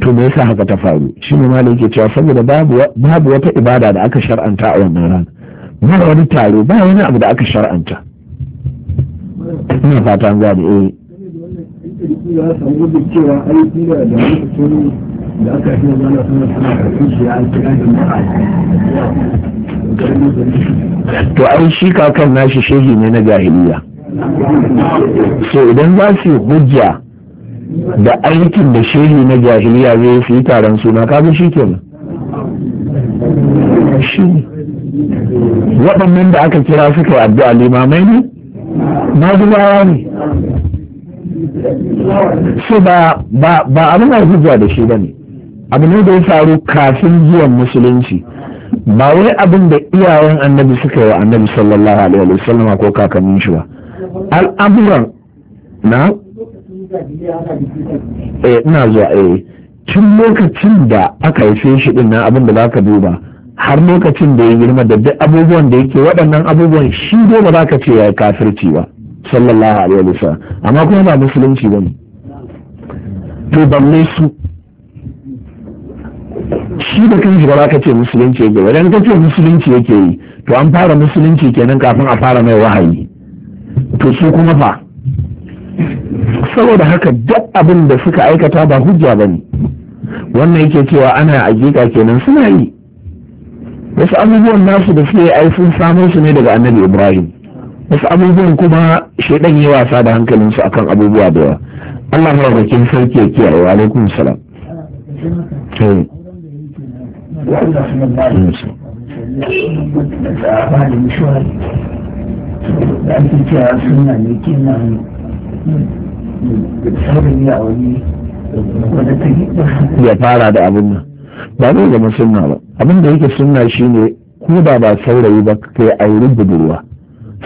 to me yasa haka ta faru shi ne malam yake cewa saboda babu wata ibada da aka shar'anta a wannan rana ba wani taro ba wani abu da aka shar'anta ina fatan za da eh to ai shi kakan nashi shehi ne na jahiliya so idan za su yi hujja da aikin da shehi na jahiliya zai su yi taron suna kaga shi kenan shi waɗannan da aka kira suka yi addu'a limamai ne na zubawa ne ba abin a da shi ba ne abu ne da ya faru kafin zuwan musulunci ba wai abin da iyayen annabi suka yi wa annabi sallallahu alaihi wa sallam ko kakannin shi ba al'amuran na eh ina zuwa eh tun lokacin da aka haife shi din na abin da za ka duba har lokacin da ya girma da duk abubuwan da yake waɗannan abubuwan shi dai ba za ka ce ya yi kafirci ba sallallahu alaihi wa sallam amma kuma ba musulunci ba ne to balle su shi da kan ba za ka ce musulunci yake wajen ka ce musulunci yake yi to an fara musulunci kenan kafin a fara mai wahayi to su kuma fa saboda haka duk abin da suka aikata ba hujja ba ne wannan yake cewa ana hakika kenan suna yi wasu abubuwan nasu da suke ai sun samo su ne daga annabi ibrahim wasu abubuwan kuma shaidan yi wasa da hankalinsu akan abubuwa da yawa allah maraukakin sarki ya kiyaye wa alaikum salam eh. ya fara da abin nan ba zai zama suna ba abin da yake sunna shine ko da ba saurayi ba kai auri budurwa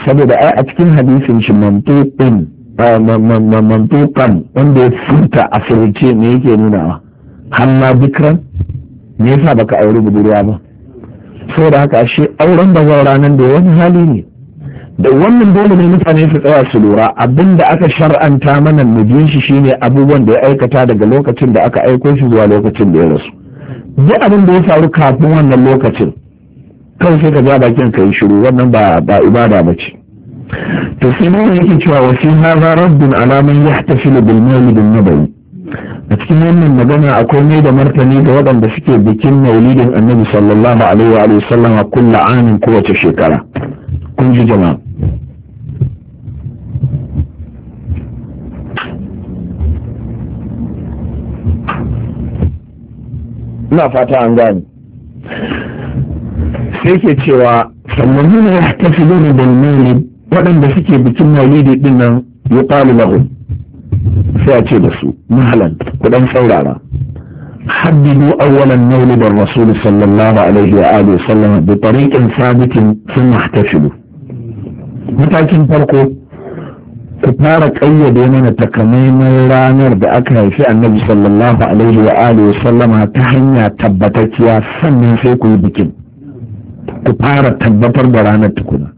saboda ai a cikin hadisin shi mantuqin mantuqan wanda ya furta a ne me yake nunawa hamma bikran me yasa baka aure budurwa ba saboda haka shi auren da ranar da wani hali ne da wannan dole ne mutane su tsaya su lura abin da aka shar'anta mana mu shi shine abubuwan da ya aikata daga lokacin da aka aiko shi zuwa lokacin da ya rasu duk abin da ya faru kafin wannan lokacin kan sai ka ja bakin ka yi shiru wannan ba ba ibada ba ce to sai mun yake cewa wa fi hadha raddun ala man yahtasilu bil mawlid nabawi a cikin wannan magana akwai mai da martani ga waɗanda suke bikin maulidin annabi sallallahu alaihi wa sallam a kullu amin kowace shekara kun ji jama'a ina fata an gane sai ke cewa sannan ne ya tafi da dalmili waɗanda suke bikin maulidi din nan yuqalu lahum sai a ce da su mahalan kudan saurara حددوا أولا مولد sallallahu alaihi wa عليه وآله وسلم بطريق ثابت ثم احتفلوا Matakin farko. ku fara kayyade mana takamaiman ranar da aka haifi annabi sallallahu alaihi wa alihi sallama ta hanya tabbatacciya sannan sai ku yi bikin ku fara tabbatar da ranar tukuna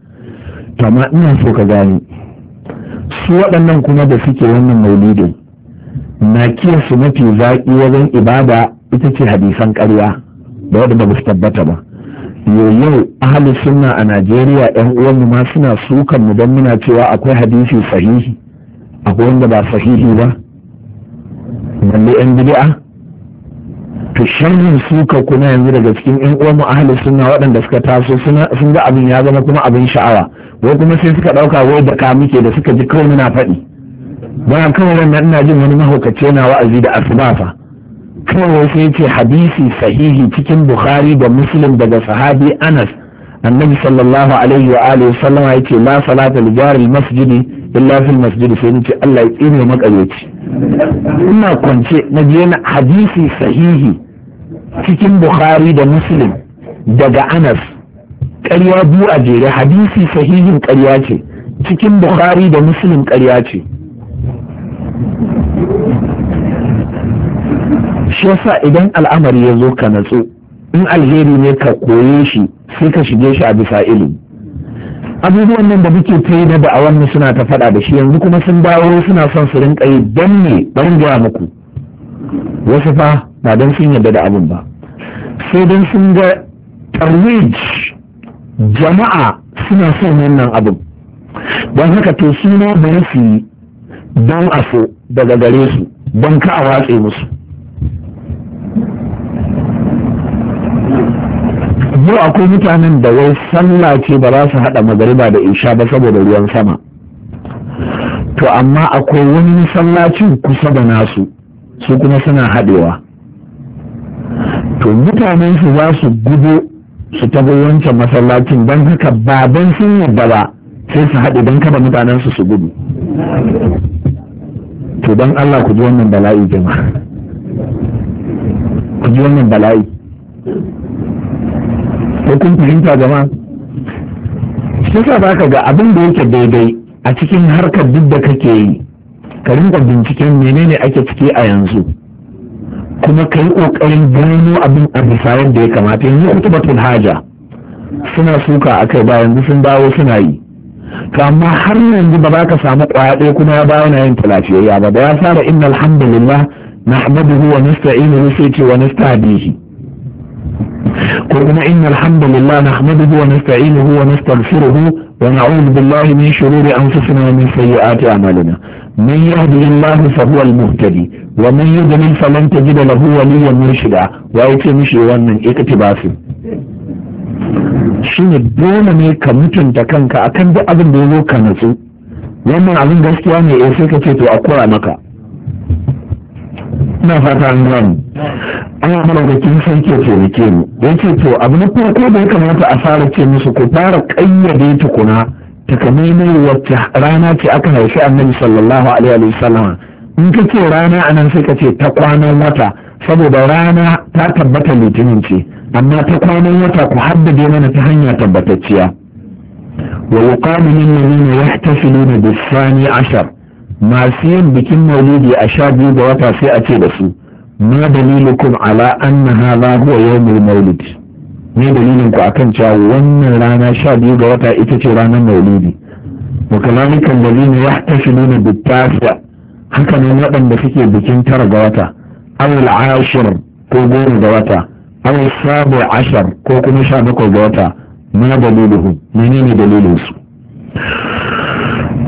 amma ina so ka gani su waɗannan kuma da suke wannan maulidi na su mafi zaƙi wajen ibada ita ce hadisan ƙarya da waɗanda ba su tabbata ba yau ahalin sunna a najeriya yan uwanmu ma suna sukan mu don muna cewa akwai hadisi sahihi akwai wanda ba sahihi ba balle yan bid'a to shanin suka kuna yanzu daga cikin yan uwanmu ahalin sunna waɗanda suka taso sun ga abin ya zama kuma abin sha'awa wai kuma sai suka ɗauka wai da ka da suka ji kawai muna faɗi bayan kawai wannan ina jin wani mahaukaci yana wa'azi da asuba kawai wasu ce hadisi sahihi cikin bukhari da muslim daga sahabi anas annabi sallallahu alaihi wa alihi sallam ya la salata li masjidi illa fil masjidi sai yace ce Allah ya tsine makaryaci ina kwance na je na hadisi sahihi cikin bukhari da muslim daga anas ƙarya biyu a jere hadisi sahihin karya ce cikin bukhari da muslim karya ce shi yasa idan al'amari ya zo ka natsu in alheri ne ka koye shi sai ka shige shi a bisa ilimi abubuwan nan da muke ta yi na da'awar mu suna ta faɗa da shi yanzu kuma sun dawo suna son su rinka yi don ne bari gaya muku wasu fa ba don sun yarda da abin ba sai don sun ga tarwij jama'a suna son wannan abin don haka to suna ba su yi don a daga gare su don ka a watse musu yanzu akwai mutanen da wai sallah ce ba za su haɗa magariba da isha ba saboda ruwan sama to amma akwai wani sallacin kusa da nasu su kuma suna haɗewa to mutanen su za su gudu su tabo wancan masallacin don haka baban sun yadda ba sai su haɗe don kaba mutanen su su gudu to don Allah ku ji wannan bala'i jama'a ku ji wannan bala'i ko kun fahimta gama shi sa za ka ga abin da yake daidai a cikin harkar duk da kake yi ka rinka binciken menene ake ciki a yanzu kuma ka yi ƙoƙarin gano abin a bisa yadda ya kamata yanzu tun haja suna suka a kai ba yanzu sun dawo suna yi to amma har yanzu ba za ka samu ƙwaya ɗaya kuma ya bayan yin talafiyayya ba da ya fara inna alhamdulillah na ahmaduhu wa nasta'inuhu sai ce wa nasta'dihi قلنا إن الحمد لله نحمده ونستعينه ونستغفره ونعوذ بالله من شرور أنفسنا ومن سيئات أعمالنا من يهدي الله فهو المهتدي ومن يضلل فلن تجد له وليا مرشدا وأيتي مشي wannan iktibasi shine dole ne ka mutunta kanka akan duk abin da ya zo ka natsu wannan abin gaskiya ne eh sai ka ce to a kora maka ina fata an gani ana malaukakin sarki ya taimake mu ya ce to abu na farko da ya kamata a fara ce musu ku fara ƙayyade tukuna takamaimai wata rana ce aka haifi annabi sallallahu alaihi wa sallam in ka ce rana anan sai ka ce ta kwanan wata saboda rana ta tabbata litinin ce amma ta kwanan wata ku haddade mana ta hanya tabbatacciya wa yuqamu lil ladina yahtasiluna bis-sani ashar masu yin bikin maulidi a sha biyu ga wata sai a ce da su ma dalilukum ala anna hadha huwa yawmul maulid ne dalilin ku akan cewa wannan rana sha biyu ga wata ita ce ranar maulidi wa kalalika allazina nuna bitasa haka ne waɗanda suke bikin tara ga wata awal ashir ko goma ga wata awul sabu ashar ko kuma sha bakwai ga wata ma daliluhu menene dalilinsu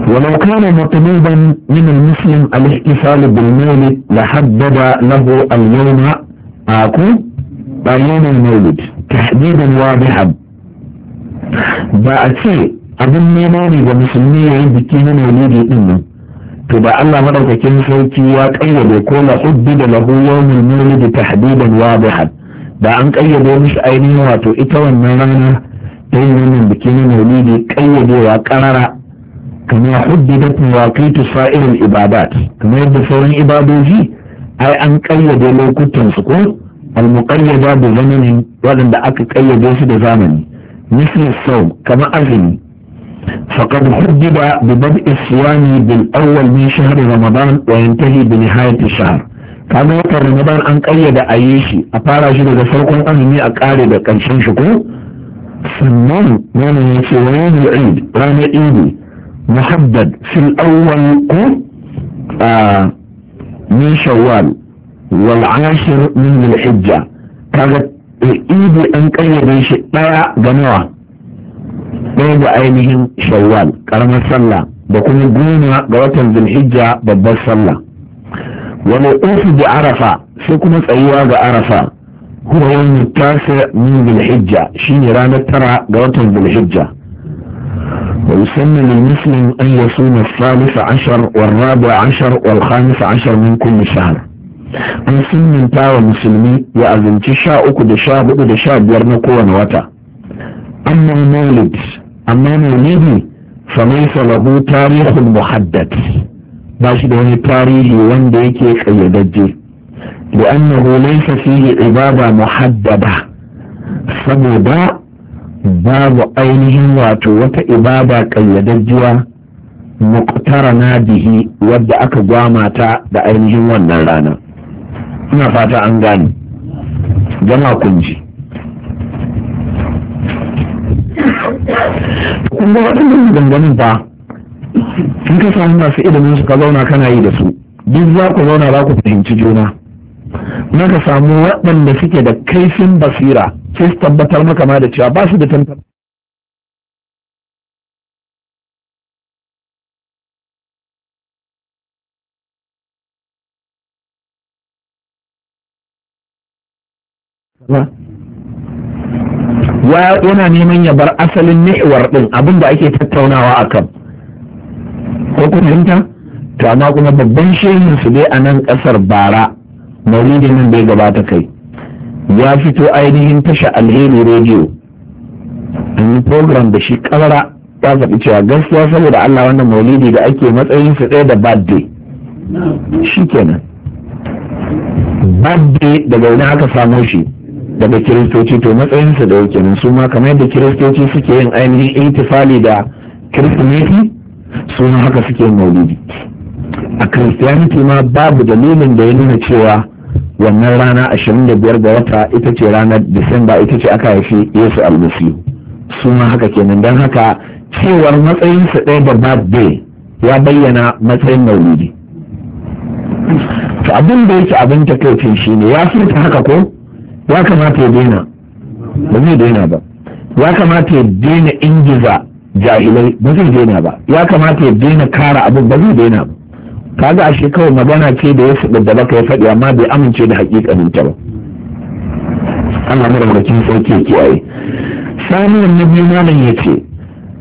ولو كان مطلوبا من المسلم الاحتفال بالمولد لحدد له اليوم اكو بيوم المولد تحديدا واضحا باتي ابن ميماني ومسلمي عندك هنا مولد انه تبع الله مرة كم سوكي وقيد يكون حدد له يوم المولد تحديدا واضحا بأن قيد يومش أيني واتو إتوى المرانة بين من بكين مولد قيد وقرر kama hudu da kuma kaitu sa'irin ibadat kama yadda sauran ibadoji ai an kayyade lokutan su ko almuqayyada da zamani wannan da aka kayyade su da zamani misali sau kama azmi fa kad hudu da bada siyani bil awal min shahr ramadan wa yantahi bi nihayat shahr kama ta ramadan an kayyade ayishi a fara shi daga farkon azmi a kare da kancin shi ko sannan wannan yace wani ne ai ramadan محدد في الأول آه من شوال والعاشر من الحجة كانت الإيد أن قيد شيء جنوة ɗaya da ainihin shawwal ƙaramar sallah da kuma goma ga watan zulhijja babbar sallah wani ofi da arafa sai kuma tsayuwa ga arafa huwa wani tasa min zulhijja shine ranar tara ga watan ويسمى للمسلم ان يصوم الثالث عشر والرابع عشر والخامس عشر من كل شهر ان سنن تاوى مسلمي يأذن تشاء اكد شاء اكد شاء بيرن قوة نواتا اما مولد اما مولد فليس له تاريخ محدد باش دوني تاريخي وان ديكي قيددي لانه ليس فيه عبادة محددة سبب babu ainihin wato wata ibada ƙayyadajjuwa na bihi wadda aka gwamata da ainihin wannan rana ina fata an gane jama kunji kun ga waɗannan maganganun fa in ka samu masu ilimin su ka zauna kana yi da su duk za ku zauna za ku fahimci juna Naka samu waɗanda suke da kaifin basira sai su tabbatar maka ma da cewa ba su da tantar yana neman ya bar asalin ni'war ɗin abin da ake tattaunawa a kan ko kuma to amma kuma babban shehin su dai a nan kasar bara maulidin nan bai gabata kai ya fito ainihin tasha alheri rediyo an yi program da shi kamara ya faɗi cewa gaskiya saboda allah wannan maulidi da ake matsayin su ɗaya da birthday shi kenan birthday daga wani aka samo shi daga kiristoci to matsayin su da yake nan su ma kamar yadda kiristoci suke yin ainihin intifali da kiristimeti su ma haka suke maulidi a christianity ma babu dalilin da ya nuna cewa wannan rana 25 ga wata ita ce ranar disamba ita ce aka haifi yesu almasihu su ma haka kenan don haka cewar su ɗaya da birthday ya bayyana matsayin maulidi to abin da yake abin ta takaicin shi ne ya furta haka ko ya kamata ya daina ba zai daina ba ya kamata ya daina ingiza jahilai ba zai daina ba ya kamata ya daina kara abin ba zai daina ba kaga ashe kawai magana ce da ya faɗi da baka ya faɗi amma bai amince da hakikanin ta ba Allah madaukakin kin sauke kiyaye sani na biyu malam ya ce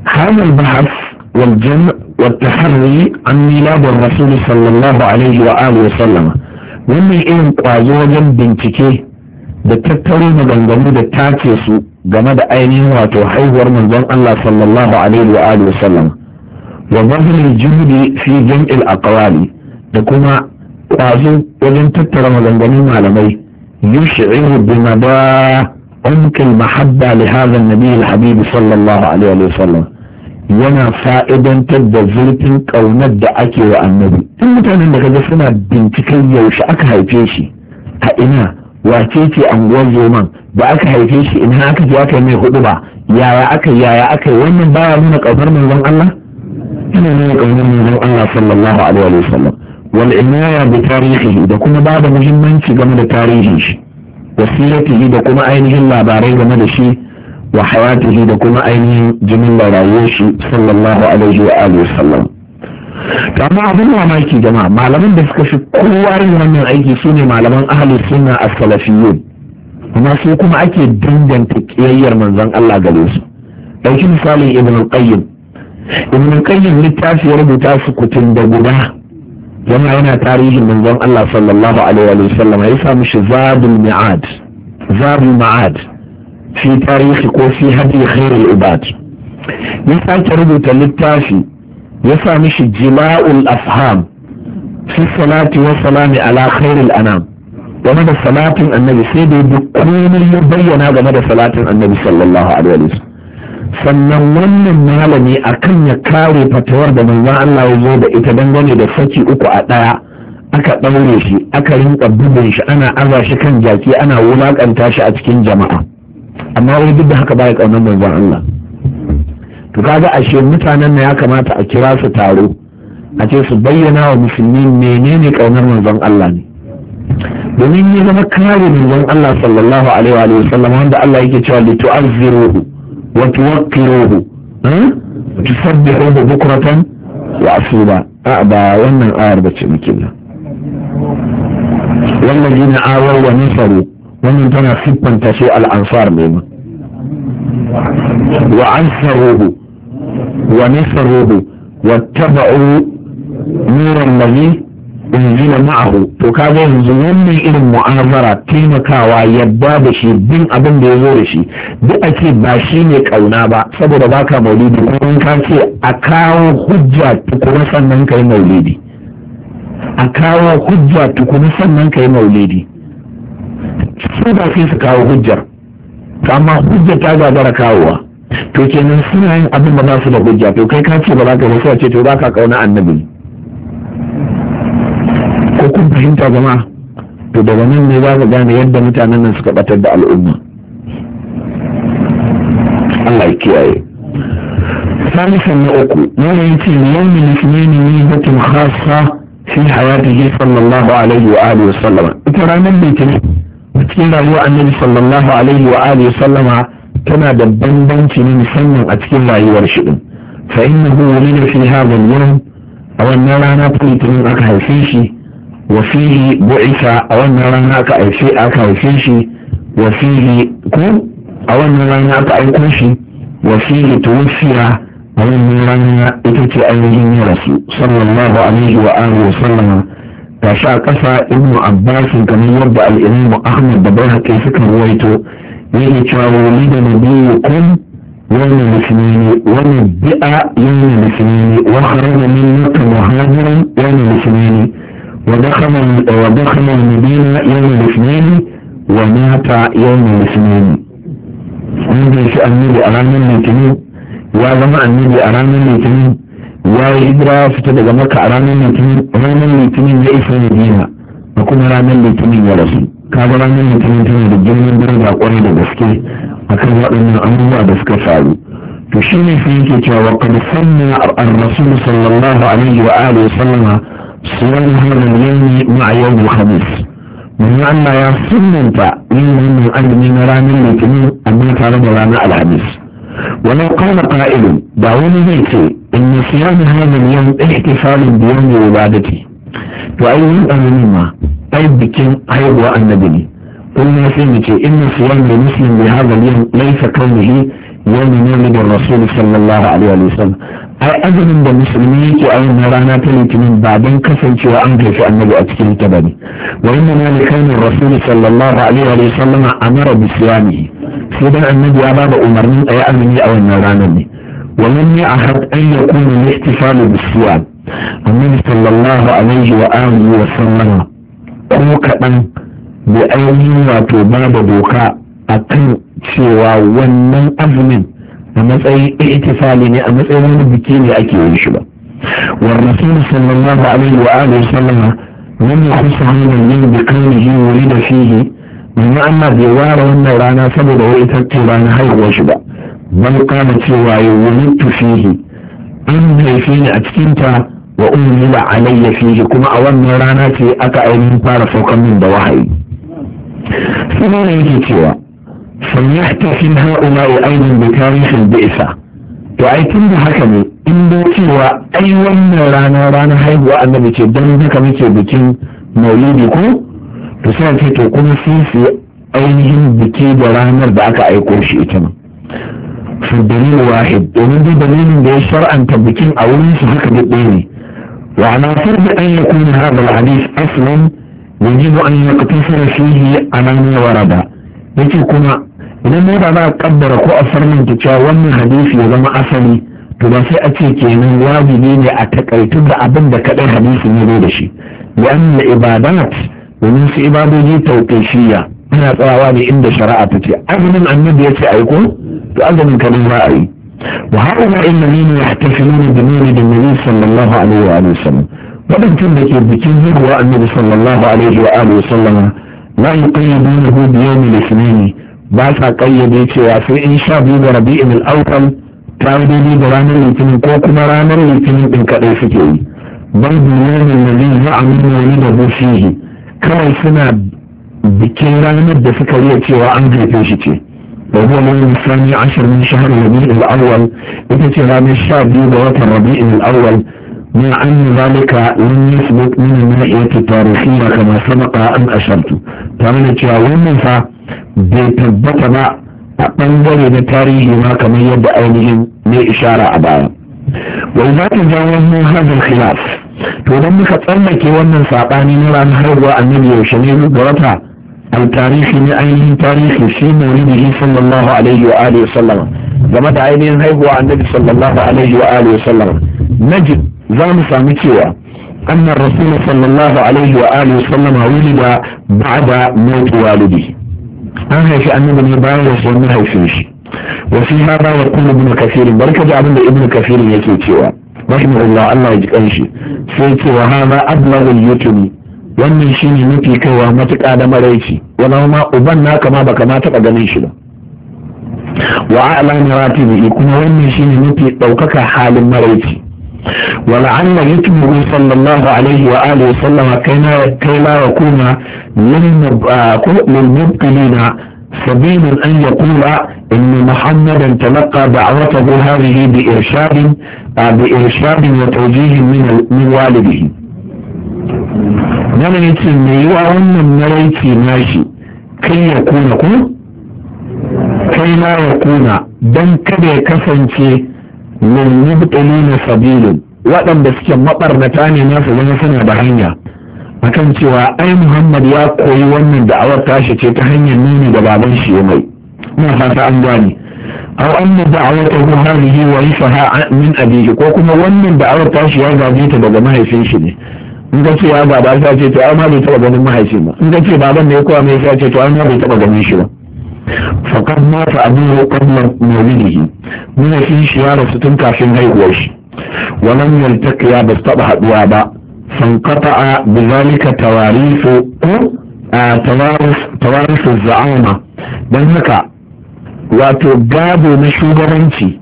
hamar bahas wal jam' wal taharri an milad rasul sallallahu alaihi wa alihi wa wannan irin kwazo wajen bincike da tattaro maganganu da tace su game da ainihin wato haihuwar manzon Allah sallallahu alaihi wa alihi wa wa zahirul juhudi fi jam'il aqwali da kuma kwazo wajen tattara maganganun malamai yush'iru bi mada umkil mahabba li hadha an-nabi al-habib sallallahu alaihi wa sallam yana fa'idantar da zurfin ƙaunar da ake wa annabi tun mutanen da kaga suna binciken yaushe aka haife shi a ina wace ce anguwar zoman da aka haife shi ina aka je aka mai huɗu ba yaya aka yaya aka yi wannan baya nuna ƙaunar manzon Allah ina ne kaunar manzon Allah sallallahu alaihi wa sallam wal inaya bi tarihi da kuma bada muhimmanci game da tarihin shi wasiyatihi da kuma ainihin labarai game da shi wa hayatihi da kuma ainihin jimillar rayuwar shi sallallahu alaihi wa alihi sallam to amma abin mamaki jama'a malaman da suka fi kowa yin wannan aiki sune malaman ahli sunna as-salafiyyun kuma su kuma ake danganta kiyayyar manzon Allah gare su dauki misalin ibn al-qayyim ibn qayyim littafi ya rubuta su kutun da guda yana yana tarihin manzon Allah sallallahu alaihi wa sallam ya samu shi zabul mi'ad zabul ma'ad fi tarihi ko fi hadi khairul ibad ya sake rubuta littafi ya sami shi jima'ul afham fi salati wa salami ala khairul anam game da salatin annabi sai dai duk bi komai ya bayyana game da salatin annabi sallallahu alaihi wa sallam sannan wannan malami akan ya kare fatawar da manzon Allah ya zo da ita dangane da saki uku a ɗaya aka ɗaure shi aka rinka bugun shi ana aza shi kan jaki ana wulaƙanta shi a cikin jama'a amma wai duk da haka baya ƙaunar manzon Allah to kaga ashe mutanen na ya kamata a kira su taro a ce su bayyana wa musulmi menene ƙaunar manzon Allah ne domin ya zama kare manzon Allah sallallahu alaihi wa sallam wanda Allah yake cewa li وتوقروه إيه؟ وتسبحوه بكرة وعصوبا أعبى ومن أعربة مكلا والذين آووا ونصروا ومن تنى خبا تسوء الأنصار مما وعنصروه ونصروه واتبعوا نور الذي na ma'ahu to ka ga yanzu wannan irin mu'amara taimakawa yadda da shi bin abin da ya zo da shi duk a ce ba shi ne kauna ba saboda baka maulidi kuma ka ce a kawo hujja tukuna sannan ka yi maulidi a kawo hujja tukuna sannan ka yi maulidi su ba sai su kawo hujjar amma hujjar ta gagara kawowa to kenan suna yin abin da ba su da hujja to kai ka ce ba za ka yi wasu ce to ba ka kauna annabi ko kun fahimta jama'a to daga nan ne za ka gane yadda mutanen nan suka batar da al'umma Allah ya kiyaye ثالثا نأكل وليت اليوم الاثنين ميزة خاصة في حياته صلى الله عليه وآله وسلم ترى من بيتنا وتكين رأيو النبي صلى الله عليه وآله وسلم كما دبن بنتي من سنة أتكين رأيو ورشد فإنه ولد في هذا اليوم أو أن لا نطلت من أكهل فيه wasihi bu'isa a wannan rana aka aike aka haife shi wasihi ku a wannan rana aka aiko shi wasihi tuwusiya a wannan rana ita ce ainihin ya rasu sallallahu alaihi wa alihi wa sallama ta sha kasa ibnu abbas kamar yadda al-imam ahmad da bayhaqi suka ruwaito yake cewa wani da nabiyyu kun wani musulmi wani bi'a yana musulmi wa kharaja min makkah muhajiran wani musulmi ودخل ودخل المدينة يوم الاثنين ومات يوم الاثنين عندي النبي أرانا الاثنين وزمع النبي أرانا الاثنين وإدرا فتدق مكة أرانا الاثنين أرانا الاثنين ليس مدينة وكما أرانا الاثنين يا رسول kaga ranar litinin tana da girman daraja kwarai da gaske akan waɗannan abubuwa da suka faru to shi ne sai yake cewa صيام هذا اليوم مع يوم الخميس من أن يصننت من أن أجل مرام الاثنين أما تعرض لنا الخميس ولو قال قائل دعوني بيتي إن صيام هذا اليوم احتفال بيوم عبادتي وأيضا أمنما أي بكم أيضا النبي قلنا سيدك إن صيام المسلم بهذا اليوم ليس كونه يوم مولد الرسول صلى الله عليه وسلم ai azumin da musulmi yake a wannan rana ta litinin ba don kasancewa an haifi annabi a cikin ta bane wa inna ma li kana rasul sallallahu alaihi wa sallam amara bi siyami sai dan annabi ya umarni umarnin yi azumi a wannan ranar ne wa a ya'had an yakuna al bi siyam annabi sallallahu alaihi wa alihi wa sallam ko kadan bi ainihin wato bada doka akan cewa wannan azumin a matsayin itisali ne a matsayin wani biki ne ake yin shi ba wa rasul sallallahu alaihi wa alihi sallama lam yakhusu hadha al-yawm bi qawlihi fihi amma Allah bai ware wannan rana saboda wai ita ce ranar haihuwar shi ba bal kana cewa ya wulidtu fihi an haife ni a cikin ta wa unzila alayya fihi kuma a wannan rana ce aka ainihin fara saukan min da wahayi sai ne yake cewa فليحتفل هؤلاء to بتاريخ البئسة da haka ne in da cewa ai wannan rana ranar haihuwa annabi ce don haka muke bikin maulidi ko to sai ce to kuma sai su ainihin biki da ranar da aka aiko shi ita ma fi dalil wahid domin dai dalilin da ya shar'anta bikin a wurin su haka da ne wa ana farda an yakuna a al-hadith aslan yajibu an yaqtasira a ala ma warada yake kuma idan ne ba za a kaddara ko a farnin ki cewa wannan hadisi ya zama asali to ba sai a ce kenan wajibi ne a takaitu da abin da kaɗai hadisi ne zo da shi yan da ibadat domin su ibadoji tauƙishiyya ana tsawawa ne inda shari'a ta ce azumin annabi ya ce aiko to azumin kaɗai ba a yi وهؤلاء الذين يحتفلون بمولد النبي صلى الله عليه وآله وسلم ولم تملك بكذب النبي صلى الله عليه وآله وسلم لا يقيدونه بيوم الاثنين ba sa kayyade cewa sai in sha biyu ga rabi'in al'aukal ta daidai da ranar litinin ko kuma ranar litinin din kaɗai suke yi ban duniyar zai za a nuna wani da bushihi kawai suna bikin ranar da suka riya cewa an jefe shi ce da wani mai sani ashirin shahar rabi'in al'awwal ita ce ranar sha biyu ga watan rabi'in al'awwal مع أن ذلك لم يثبت من الناحية التاريخية كما سبق أن أشرت cewa التعاون fa. bai tabbata ba a ɓangare na tarihi ma kamar yadda ainihin ne ishara a baya Wai za ta jawo mun hadar khilaf to don muka tsallake wannan saɓani na ranar haihuwa annabi yaushe ne ga wata tarihi ne ainihin tarihi shi maulidihi sallallahu alaihi wa alihi sallama game da ainihin haihuwa annabi sallallahu alaihi wa alihi sallam najib za mu sami cewa أن الرسول صلى الله عليه وآله وسلم da بعد موت والده an haifi annabi ne bayan rasuwar haife shi wasu ma ba wa kullu ibn kafirin barka da abin da ibn kafirin yake cewa rahimahullah Allah ya ji kanshi sai ce wa hada ablaghul yutumi wannan shine mafi kaiwa matuƙa da maraici wala ma uban naka ma baka ma ganin shi ba wa a'la maratibi kuma wannan shine mafi ɗaukaka halin maraici ولعل يتمه صلى الله عليه وآله وسلم كي لا يكون للمبطلين آه، سبيل أن يقول إن محمدا تلقى دعوته هذه بإرشاد آه، بإرشاد وتوجيه من من والده. Nan yace me yiwa wannan maraiki nashi kai كي kuna ku? Kai na ya kuna min mubtilina sabilun waɗanda suke maɓarnata ne masu zama suna da hanya akan cewa ai muhammad ya koyi wannan da'awar tashi ce ta hanyar nuni da baban shi ya mai ina fata an gane aw anna da'awatahu hadhihi wa rifaha min abihi ko kuma wannan da'awar tashi ya gaje ta daga mahaifin shi ne in ka ce baba ta ce to amma bai taɓa ganin mahaifin ba in ka ce baban da ya koya mai ya ce to amma bai taɓa ganin shi ba fakar mata abubuwa kwallon mawilihi muna shi shi ya rasu tun kafin haihuwar shi wannan yaltakiya ba su taɓa haɗuwa ba fankata a bizalika tawarisu ko a tawarisu za'ama don haka wato gado na shugabanci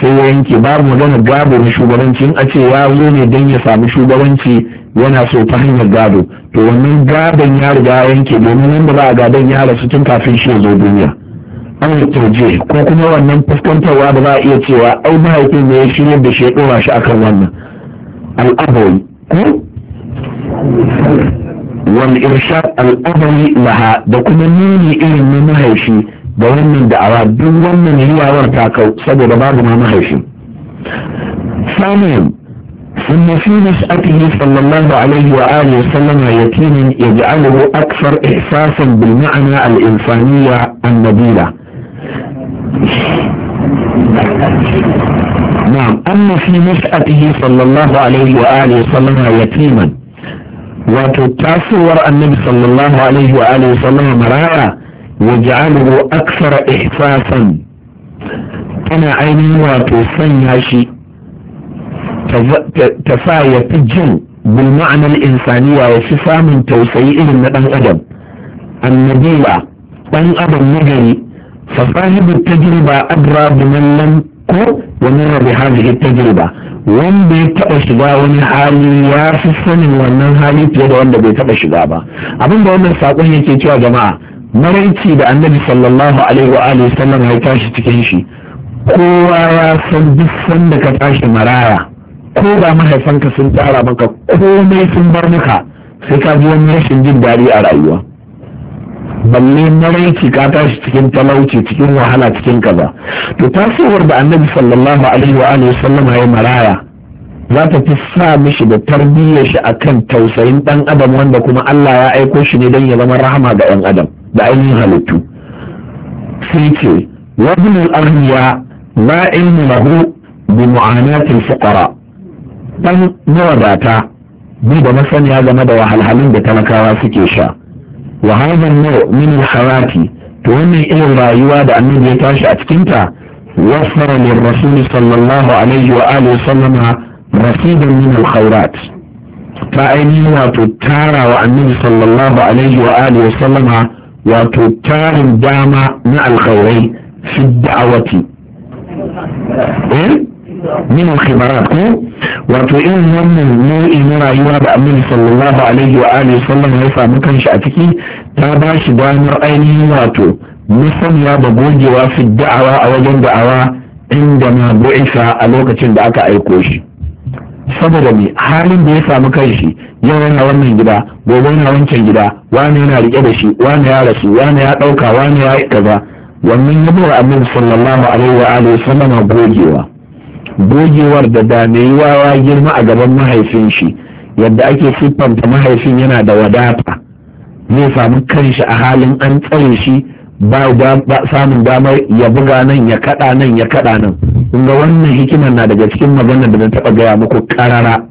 sai ya yanke babu magana gado na shugabanci in a ce ya zo ne don ya samu shugabanci yana so ta hanyar gado to wannan gadon ya riga yanke domin wanda ba a gadon ya rasu tun kafin shi ya zo duniya an yi turje ko kuma wannan fuskantarwa da za a iya cewa au mahaifin ne ya shirya da shi ya ɗora shi akan wannan al'abawi ko wani irshad al'abawi laha da kuma nuni irin na mahaifi da wannan da'awa duk wannan yiwuwar ta kau saboda babu ma mahaifi samun ثم في نشأته صلى الله عليه وآله وسلم يقين يجعله أكثر إحساسا بالمعنى الإنسانية النبيلة نعم أما في نشأته صلى الله عليه وآله وسلم يتيما وتتصور النبي صلى الله عليه وآله وسلم مراعا يجعله أكثر إحساسا أنا عيني وتسنى شيء ta sa ya fi jin bulma'anar insaniya ya fi samun tausayi irin na ɗan adam annabiya ɗan adam na gari fa sahibu tajriba adra bi man lam ko wa min rabi hadhihi tajriba wanda ya taɓa shiga wani hali ya fi sanin wannan hali fiye da wanda bai taɓa shiga ba abin da wannan saƙon yake cewa jama'a maraici da annabi sallallahu alaihi wa alihi sallam ya tashi cikin shi kowa ya san duk sanda ka tashi maraya ko ba mahaifanka sun tara maka komai sun bar maka sai ka ji wani rashin jin daɗi a rayuwa balle maraici ka tashi cikin talauci cikin wahala cikin kaza to tasowar da annabi sallallahu alaihi wa alihi sallam ya maraya za ta fi sa mishi da tarbiyyar shi akan tausayin dan adam wanda kuma Allah ya aiko shi ne dan ya zama rahama ga yan adam da ainihin halittu sai ce wabnul aghniya la ilmu lahu bi mu'anatil fuqara ɗan mawadata bi da masaniya game da wahalhalun da talakawa suke sha wa hazan naw min al-harati to wannan irin rayuwa da annabi ya tashi a cikin ta wasara lil rasul sallallahu alaihi wa alihi sallama rasidan min al-khairat ta ainihin wato tara wa annabi sallallahu alaihi wa alihi sallama wato tarin dama na alkhairai fi da'awati eh? min khibarat ko wato irin wannan nau'i na rayuwa da annabi sallallahu alaihi wa alihi sallam ya samu kanshi a ciki ta ba shi damar ainihin wato musanya da gogewa fi da'awa a wajen da'awa inda ma bu'isa a lokacin da aka aiko shi saboda me halin da ya samu kanshi yau yana wannan gida gobe yana wancan gida wani yana rike da shi wani ya rasu wani ya dauka wani ya kaza wannan ya bawa annabi sallallahu alaihi wa alihi sallama gogewa gogewar da yi wawa girma a gaban mahaifin shi yadda ake siffanta mahaifin yana da wadata zai samu kanshi a halin an tsare shi ba samun damar ya buga nan ya kada nan ya kada nan inda wannan hikimar na daga cikin magana da na taba gaya muku karara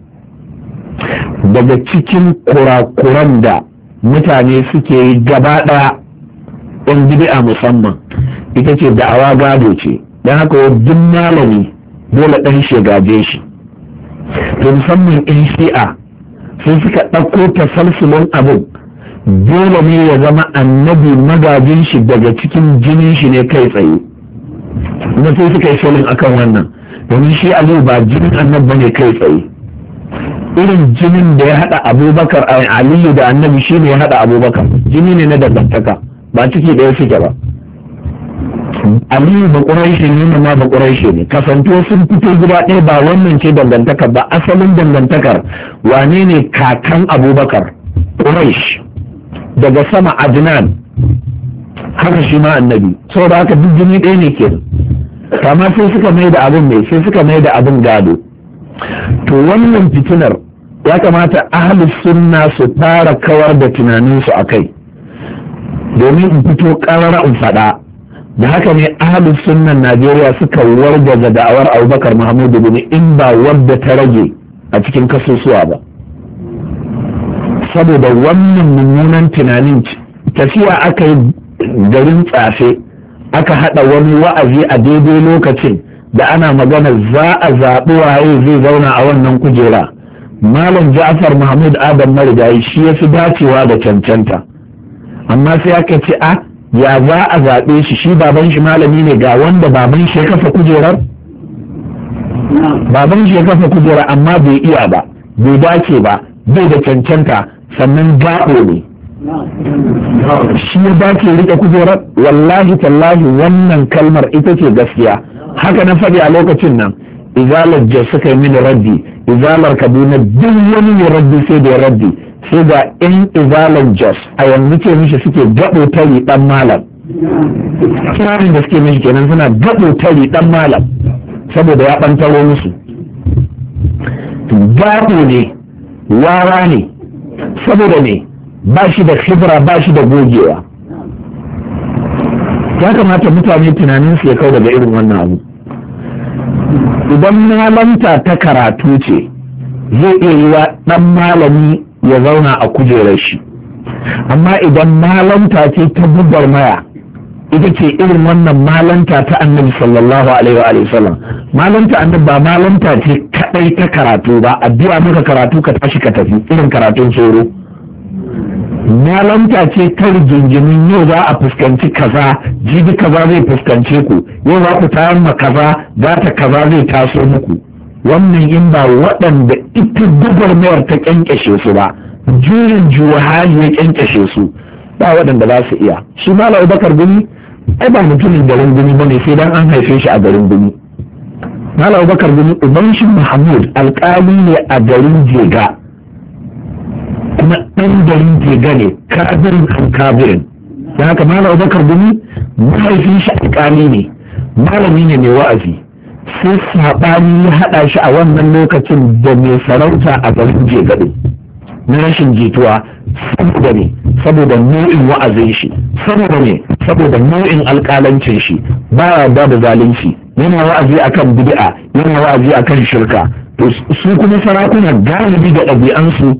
daga cikin kurakuran da mutane suke yi gaba ɗaya ɗan bidi'a musamman ita ce da'awa gado ce Dan haka duk malami dole ɗan shi gaje shi to musamman in shi'a sun suka ɗauko tasalsulun abin dole ne ya zama annabi magajin shi daga cikin jinin shi ne kai tsaye na sai suka yi solin akan wannan domin shi aliyu ba jinin annabi ne kai tsaye irin jinin da ya haɗa abubakar aliyu da annabi shi ne ya haɗa abubakar jini ne na dangantaka ba ciki ɗaya suke ba aliyu ba ƙuraishe ne ma ba ƙuraishe ne kasanto sun fito guda ɗaya ba wannan ce dangantakar ba asalin dangantakar wane ne kakan abubakar ƙuraish daga sama adnan haka shi ma annabi saboda haka duk jini ɗaya ne ke kama sai suka mai da abin mai sai suka mai da abin gado to wannan fitinar ya kamata ahalus sunna su fara kawar da tunaninsu a kai domin in fito ƙarara in faɗa da haka ne ahalin sunnan najeriya suka ga da'awar abubakar muhammadu bin in ba wadda ta rage a cikin kasusuwa ba saboda wannan mummunan tunanin tafiya aka yi garin tsafe aka hada wani wa'azi a daidai lokacin da ana magana za a zaɓi waye zai zauna a wannan kujera malam ja'afar mahmud adam marigayi shi ya fi dacewa da cancanta amma sai aka ce a ah, ya za a zaɓe shi shi baban shi malami ne ga wanda baban shi ya kafa kujerar baban shi ya kafa kujerar amma bai iya ba bai dace ba bai da cancanta sannan gaɓo ne shi ya dace rike kujerar wallahi tallahi wannan kalmar ita ce gaskiya haka na faɗi a lokacin nan izalar jasu suka yi mini raddi izalar kaduna duk wani ne raddi sai da raddi sai ga in izalar jos a yanzu ce mishi suke gaɓo tari ɗan malam kirarin da suke mishi kenan suna gaɓo tari ɗan malam saboda ya ɓantaro musu gaɓo ne wara ne saboda ne ba shi da shifra ba shi da gogewa ya kamata mutane tunanin su ya kau daga irin wannan abu idan malanta ta karatu ce zai iya yi wa ɗan malami ya zauna a kujerar shi amma idan malanta ce ta bugar maya ita ce irin wannan malanta ta annabi sallallahu alaihi wa sallam malanta annabi ba malanta ce kadai ta karatu ba addu'a maka karatu ka tashi ka tafi irin karatun tsoro malanta ce ta rigingimin yau za a fuskanci kaza jibi kaza zai fuskance ku yau za ku tayar ma kaza za ta kaza zai taso muku wannan in ba waɗanda ita gwagwarmayar ta kyankyashe su ba juyin juhali ya kyankyashe su ba waɗanda za su iya shi ma Bakar gumi ai ba mutumin garin gumi ba ne sai dan an haife shi a garin gumi mala Bakar gumi uban shi mahmud alƙali ne a garin jega kuma ɗan garin jega ne kabirin kan kabirin da haka mala Bakar gumi mahaifin shi alƙali ne malami ne mai wa'azi sai saɓani ya haɗa shi a wannan lokacin da mai sarauta a garin je jegado na rashin jituwa saboda ne saboda nau'in wa'azin shi saboda ne saboda nau'in alƙalancin shi ba ya ba da zalunci yana wa'azi akan bid'a yana wa'azi akan shirka to su kuma sarakuna galibi da ɗabi'ansu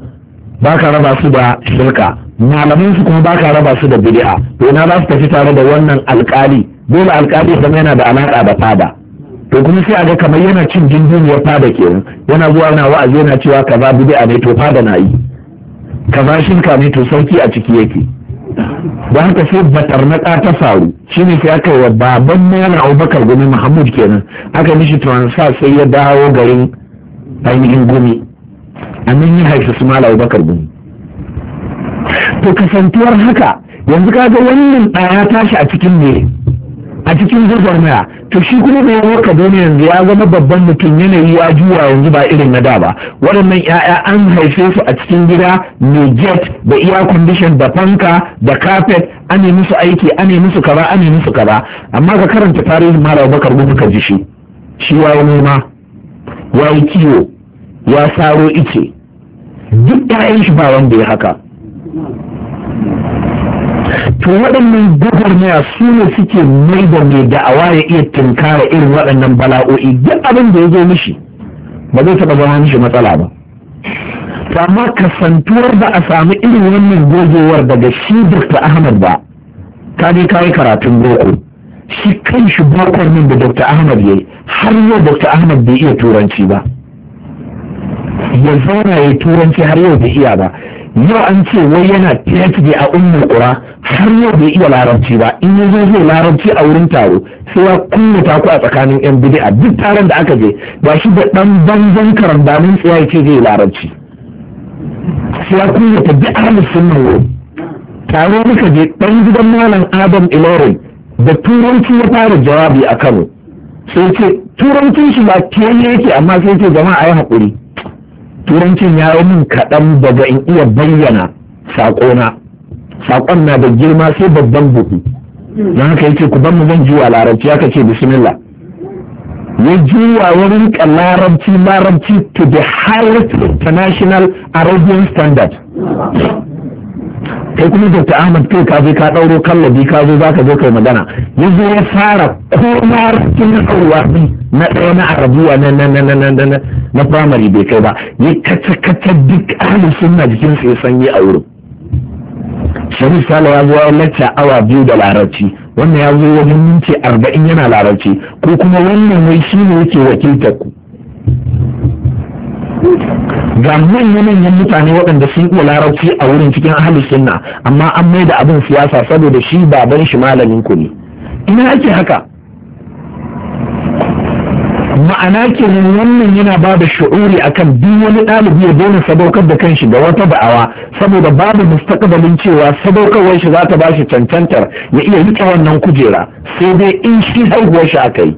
ba ka raba su da shirka malaman su kuma ba ka raba su da bid'a to ina za su tafi tare da wannan alƙali dole alƙali kuma yana da alaƙa da fada to kuma sai a ga kamar yana cin ya fada kenan yana zuwa na wa'azi yana cewa kaza a ne to fada na yi kaza shinka ne to sauki a ciki yake da haka sai batar na ta faru shine sai aka yi wa baban mayar abubakar gumi muhammad kenan aka mishi transfer sai ya dawo garin ainihin gumi a nan ya haifi su mala abubakar gumi to kasantuwar haka yanzu kaga wannan ɗaya tashi a cikin ne a cikin maya to shi kuma mai yawon kaduna yanzu ya zama babban mutum yanayi ya juwa yanzu ba irin na da ba waɗannan 'ya'ya an haife su a cikin gida mai jet da iya condition da fanka da carpet an yi musu aiki an yi musu kaza an yi musu kaza amma ka karanta tarihin mara bakar gudu ka ji shi shi ya yi noma ya yi kiwo ya saro ice duk 'ya'yan shi ba wanda ya haka to waɗannan gwagwarmaya su ne suke mai da mai da'awa ya iya tunkara irin waɗannan bala'o'i duk abin da ya zo mishi ba zai taɓa zama mishi matsala ba amma kasantuwar da a sami irin wannan gogewar daga shi dr ahmad ba ta je yi karatun boko shi kan shi bokon nan da dr ahmad ya yi har yau dr ahmad bai iya turanci ba ya zauna ya turanci har yau bai iya ba yau an ce wai yana PhD a ummul qura har yau bai iya larabci ba in ya zo zai larabci a wurin taro sai ya kunna taku a tsakanin yan bid'a duk taron da aka je ba shi da dan banzan karandamin tsaya ce zai larabci sai ya kunna ta duk ahlus sunna wurin taro muka je dan gidan malam Adam Ilorin da turanci ya fara jawabi a Kano sai ce turancin shi ba ke yake amma sai ce jama'a yi hakuri turancin ya yi min kaɗan daga in iya bayyana saƙona saƙon na da girma sai babban buɗi don haka yake ku ban mu zan juwa larabci aka ce bismillah ya juwa wurin larabci larabci to the highest international arabian standard kai kuma dr ahmad kai ka je ka ɗauro kallabi ka zo zaka zo kai magana yanzu ya fara koma cikin ɗauruwa na ɗaya na arabuwa na na na na na na primary bai kai ba ya kaca kace duk ahalin sunna jikin sai sanyi a wurin sharif sala ya zo ya lacca awa biyu da larabci wannan ya zo wajen minti arba'in yana larabci ko kuma wannan wai shi ne yake wakiltar ku ga manya-manyan mutane waɗanda sun iya larabci a wurin cikin ahalin sunna amma an mai da abin siyasa saboda shi baban shi malamin ku ne ina ake haka ma'ana kenan wannan yana ba da shu'uri akan duk wani ɗalibi ya daina sadaukar da kanshi ga wata da'awa saboda babu mustaqbalin cewa sadaukarwar shi za ta ba shi cancantar ya iya riƙe wannan kujera sai dai in shi haihuwar shi aka yi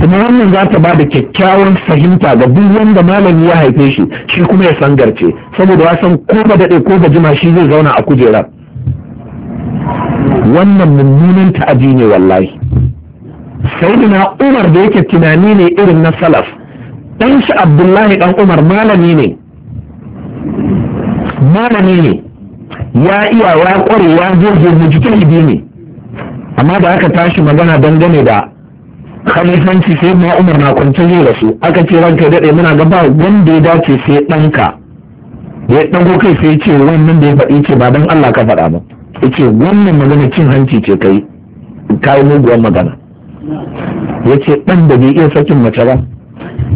kuma wannan za ta ba da kyakkyawan fahimta ga duk wanda malami ya haife shi shi kuma ya san sangarce saboda ya san ko ba daɗe ko ba jima shi zai zauna a kujerar wannan mummunan ta'aji ne wallahi sai na umar da yake tunani ne irin na salaf dan shi abdullahi dan umar malami ne malami ne ya iya ya kware ya jirgin mujtahidi ne amma da aka tashi magana dangane da khalifanci sai na umar na kwance zai rasu aka ce ranka daɗe muna ga wanda ya dace sai ɗanka ya ɗan kai sai ce wannan da ya faɗi ce ba don Allah ka faɗa ba ya ce wannan magana cin hanci ce kai yi muguwar magana ya ce ɗan da bai iya sakin mace ba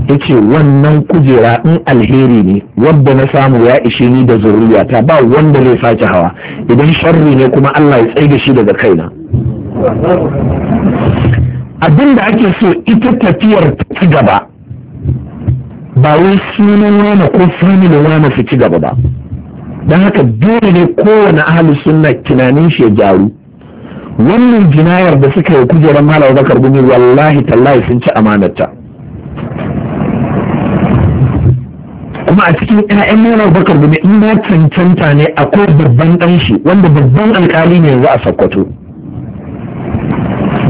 ya ce wannan kujera in alheri ne wadda na samu ya ishe ni da zuriyata ba wanda zai sace hawa idan sharri ne kuma Allah ya tsaye da shi daga kaina Abin da ake so ita tafiyar ci gaba ba wai sunan wane ko family wane su ci gaba ba don haka dole ne kowane ahalin sunna tunanin shi ya jaru. wannan jinayar da suka yi kujerar wa bakar gumi wallahi tallahi sun ci amanarta kuma a cikin 'ya'yan malam bakar gumi in cancanta ne akwai babban ɗan shi wanda babban alkali ne yanzu a sakkwato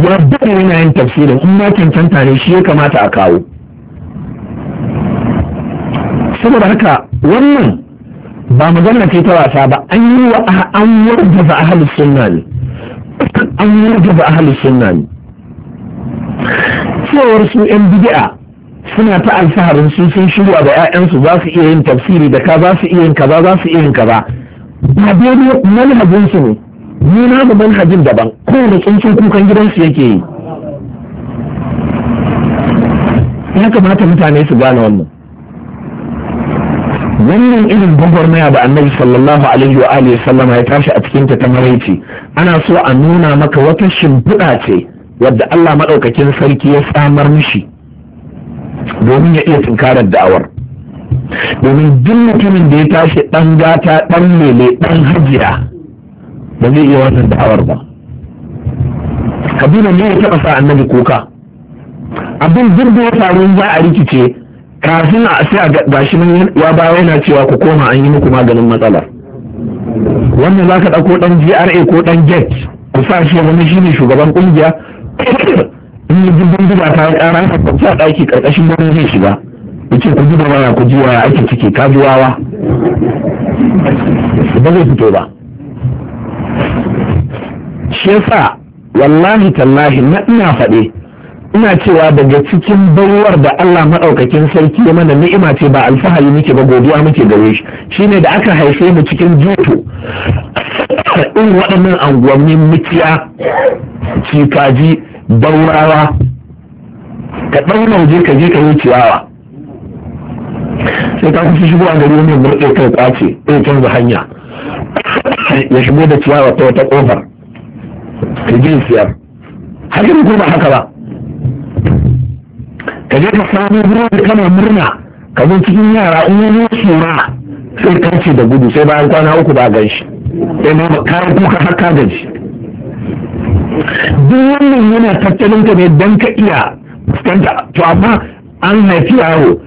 ya yana yin tafsirin in ma cancanta ne shi ya kamata a kawo saboda haka wannan ba magana ce ta wasa ba an yi wa an warda ba ahalus sunna ne an warda ba sunna ne cewar su yan bidi'a suna ta alfaharin su sun shirya da 'ya'yansu za su iya yin tafsiri da ka za su iya yin kaza za su iya yin kaza ba daidai manhajinsu ne ni na ga manhajin daban da tsuncin kukan gidansu yake yi ya kamata mutane su gane wannan wannan irin maya da annabi sallallahu alaihi wa alihi sallama ya tashi a cikin ta maraici ana so a nuna maka wata shimfiɗa ce wadda Allah maɗaukakin sarki ya samar mishi domin ya iya tunkarar da'awar domin duk mutumin da ya tashi ɗan gata ɗan mele ɗan hajiya ba zai iya wannan da'awar ba kabila ne ya taɓa sa annabi kuka abin zurbe ya faru za a rikice kafin a sai a gashi nan ya bawa yana cewa ku koma an yi muku maganin matsalar wannan za ka ɗauko ɗan gra ko ɗan get ku sa shi wani shine shugaban ƙungiya in yi dubban duba ta ƙara ka sa ɗaki ƙarƙashin wani zai shiga ce ku duba waya ku ji waya ake ciki ka ji wawa ba zai fito ba shi yasa wallahi tallahi na ina faɗe ina cewa daga cikin baiwar da Allah maɗaukakin sarki ya mana ni'ima ce ba alfahari muke ba godiya muke gare shi shine da aka haife mu cikin juto in waɗannan anguwannin mutiya cikaji baurawa ka ɗauna waje ka je ka yi ciyawa sai ka kusa shigo a gari wani murɗe kai kwace zai canza hanya ya shigo da ciyawa ta wata ƙofar ka siyar ko ba haka ba ka je ka samu ruwa kana murna ka zo cikin yara in wani tsora sai kanci da gudu sai bayan kwana uku ba gan shi sai ma kayan kuka haka gan shi duk wannan yana tattalin ka ne don ka iya fuskanta to amma an haifi yaro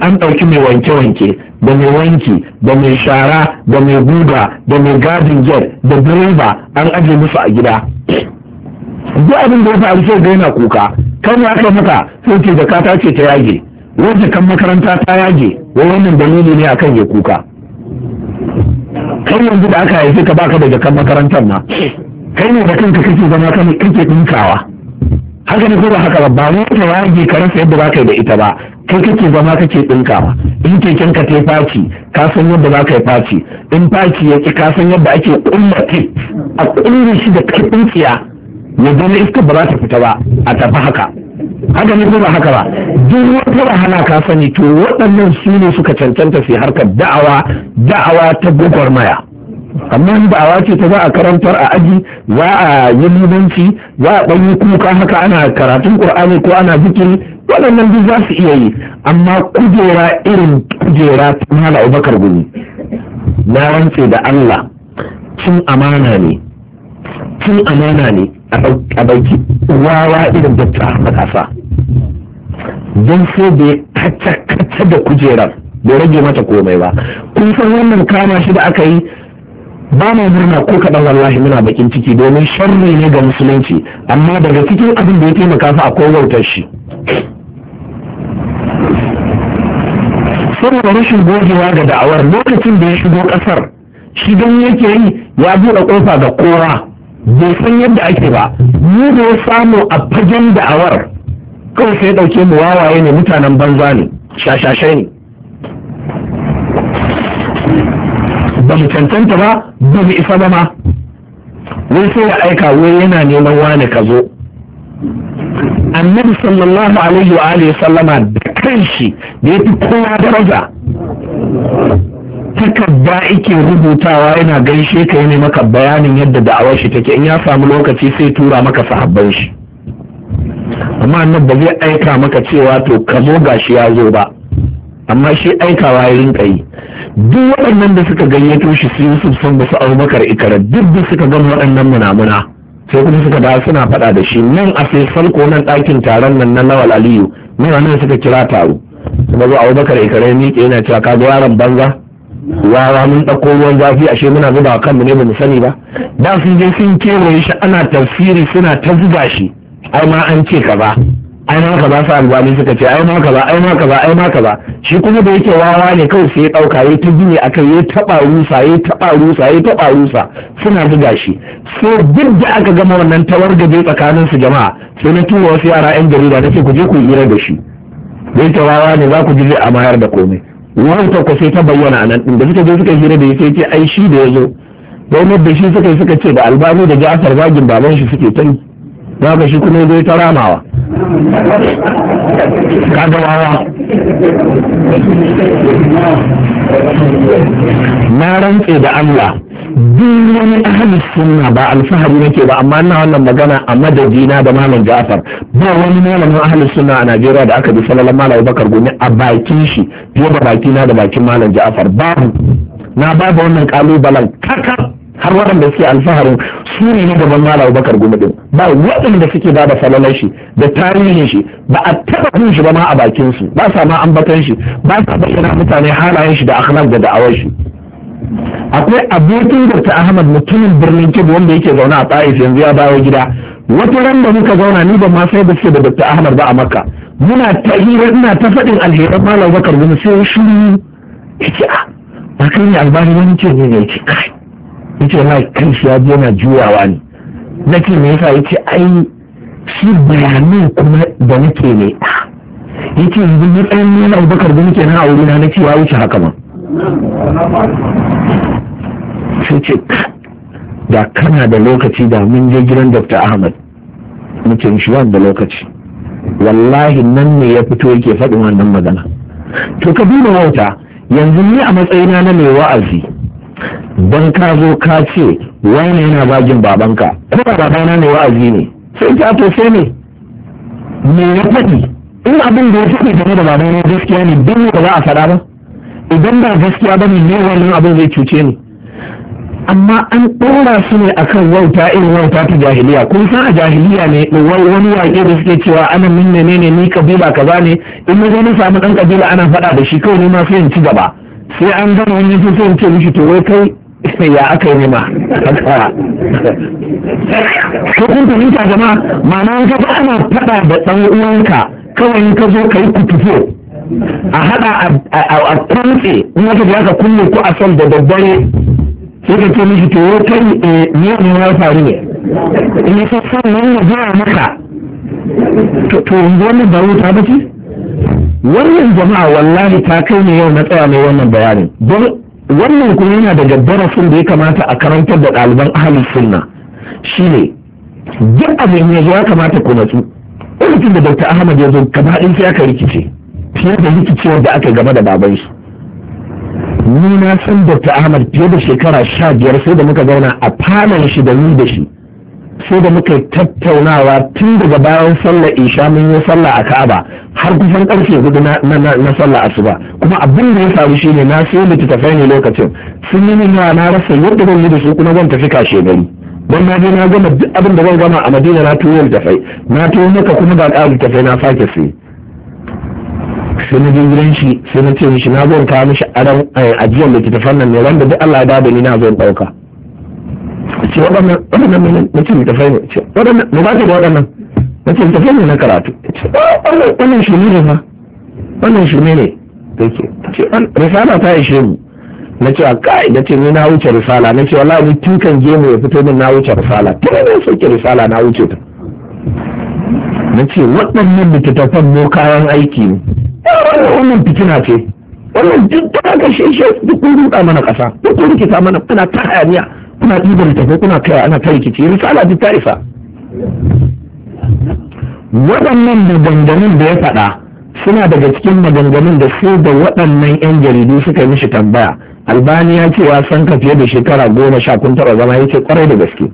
an ɗauki mai wanke-wanke da mai wanki da mai shara da mai guga da mai gadin jet da direba an aje musu a gida duk abin da ya faru sai ga yana kuka kan ya aka maka sai da jakata ce ta yage wanda kan makaranta ta yage wai wannan dalili ne akan ya kuka kan yanzu da aka haifi ka baka da jakan makarantar na. kai ne da kanka kake zama kake ɗinkawa haka ne ko ba haka ba ba mu ta yage karanta yadda yadda ka yi da ita ba kai kake zama kake dinkawa in keken ka tai faci ka san yadda ka yi faci in faci yake ka san yadda ake kullate a kullun shi da karfin tsiya ya zama iska ba za ta fita ba a tafi haka haka ne ko haka ba duk wata wahala ka sani to waɗannan su ne suka cancanta su harkar da'awa da'awa ta gwagwarmaya maya amma in da'awa ce ta za a karantar a aji za a yi limanci za a ɗanyi kuka haka ana karatun ƙur'ani ko ana zikiri waɗannan duk za su iya yi amma kujera irin kujera na mala abubakar guri na rantse da allah cin amana ne cin amana ne a baki wawa irin dakta a asa don sai da kacce kacakaca da kujerar bai rage mata komai ba kun san wannan kama shi da aka yi ba ma murna ko kaɗan wallahi muna bakin ciki domin sharri ne ga musulunci amma daga cikin abin da ya taimaka fa akwai wautar shi saboda rashin gogewa ga da'awar lokacin da ya shigo ƙasar shi don yake yi ya buɗe ƙofa ga kowa bai san yadda ake ba mu da ya samu a fagen da'awar kawai sai ɗauke mu wawaye ne mutanen banza ne shashashai ne ba mu cancanta ba ba mu isa ba ma wai sai ya aika wai yana neman wani ka zo annabi sallallahu alaihi wa alihi sallama da kanshi da yafi kowa daraja takarda ake rubutawa yana gaishe ka yana maka bayanin yadda da'awar shi take in ya samu lokaci sai tura maka sahabban shi amma annabi ba zai aika maka cewa to ka zo gashi ya zo ba amma shi aikawa ya rinka yi duk waɗannan da suka gayyato shi su Yusuf sun basu Abubakar Ikara duk da suka gama waɗannan munamuna sai kuma suka da suna faɗa da shi nan a sai salko nan ɗakin taron nan na Lawal Aliyu nan nan suka kira taro kuma zo Abubakar Ikara ya miƙe yana cewa ka yaron banza yara mun ɗauko ruwan zafi ashe muna zuba mu ne bamu sani ba da sun je sun kewaye shi ana tafsiri suna ta zuba shi ai ma an ce kaza ai ma kaza sa albani suka ce ai ma kaza ai ma kaza ai ma kaza shi kuma da yake wawa ne kawai sai ya dauka yayi ta gini akan ya taba rusa ya taba rusa ya taba rusa suna buga shi sai duk da aka gama wannan bai tsakanin su jama'a sai na tura wasu yara yan jarida ce ku je ku hira da shi da yake wawa ne za ku ji zai amayar da komai wani ta sai ta bayyana a nan da suka je suka hira da yake ce ai shi da ya zo gwamnati da shi suka yi suka ce da albani da ja'afar bagin baban shi suke tani za ka shi kuma zai ta ramawa wawa na rantse da Allah duk wani ahalin sunna ba alfahari nake ba amma ina wannan magana a madadina da malam Ja'far ba wani malamin ahalin sunna a Najeriya da aka bi sallallahu malam Bakar Gumi a bakin shi fiye da bakina da bakin malam Ja'far babu na babu wannan kalubalen kakar har waɗanda suke alfaharin su ne gaban mala abubakar goma din ba waɗanda suke ba da falalar shi da tarihin shi ba a taɓa jin shi ba ma a bakin su ba sa ma ambatan shi ba sa bayyana mutane halayen shi da akhlaq da da'awar shi akwai abokin Dr. Ahmad mutumin birnin Kebbi wanda yake zaune a Taif yanzu ya dawo gida wata ran da muka zauna ni ban ma sai da da Dr. Ahmad ba a Makka muna ta hira ina ta faɗin alheran Malam Bakar gumi sai shiru yace a ah, ba kai ne albani wani ce ne ne kai yace na kan shi ya je yana juyawa ne nake me yasa yace ai shi bayani kuma da nake ne yace yanzu ni ɗan nuna abubakar da nake na aure na ce ya wuce haka ma sai ce da kana da lokaci da mun je gidan dr ahmad mutum shi wanda lokaci wallahi nan ne ya fito yake faɗin wannan magana to ka duba wauta yanzu ni a matsayina na mai wa'azi don ka zo ka ce wani yana bagin babanka ko ba babana ne wa'azi ne sai ta to sai ne me ya faɗi in abin da ya faɗi game da babana gaskiya ne don ba za a faɗa ba idan ba gaskiya ba ne wannan abin zai cuce ni amma an ɗora su ne akan wauta irin wauta ta jahiliya kun san a jahiliya ne wani waƙe da suke cewa ana min ne ne ni kabila kaza ne in na zo na samu ɗan kabila ana faɗa da shi kawai ne ma sai ci gaba sai an gama wani sai in ce mishi to wai kai ya aka yi nema ko kun fahimta jama'a ma'ana ka ana faɗa da ɗan uwanka kawai ka zo ka yi kutufo a haɗa a kwanse in aka ji aka kunne ko a son da daddare sai ka ce miki to kai ne eh, ne ya faru ne in ya sassan nan ya gaya maka to yanzu wannan ba ta ba ce wannan jama'a wallahi ta kai ne yau na tsaya mai wannan bayanin don wannan kuma yana daga darasin da ya kamata a karantar da ɗaliban ahalin sunna shine duk abin ya zo ya kamata ku natsu lokacin da dr ahmad ya zo kama in sai aka rikice fiye da rikicewar da aka game da baban shi ni na san dr ahmad fiye da shekara sha biyar sai da muka zauna a falon shi da ni da shi sai da muka tattaunawa tun daga bayan sallar isha mun yi sallah a ka'aba har kusan karfe hudu na sallah asuba kuma abin da ya faru shine na sai littattafai ne lokacin sun yi min na rasa yadda zan yi da su kuma zan tafi kashe gari don na je na gama duk abin da zan gama a madina na tuwo littattafai na tuwo maka kuma ba ƙara littattafai na sake sai sai na je gidan shi sai na ce mishi na zo in kawo mishi eh, ajiyar littattafan nan ne wanda duk Allah ya dada ni na zo in ɗauka ce waɗannan na ce ne ba da waɗannan na ce ne na karatu wannan risala ta ishe mu na ce kai na ce ni na wuce risala na ce wallahi ni tun kan mu ya fito min na wuce risala tun ne risala na wuce ta na ce waɗannan littattafan mu kayan aiki ne wannan fitina ce wannan duk da kashe shi duk kun ruɗa mana ƙasa duk kun rikita mana muna ta hayaniya kuna ɗibar ko kuna kai ana ta rikici risala duk ta isa waɗannan maganganun da ya faɗa suna daga cikin maganganun da su da waɗannan 'yan jaridu suka yi mishi tambaya albani ya ce san ka fiye da shekara goma sha kun taɓa zama yake kwarai da gaske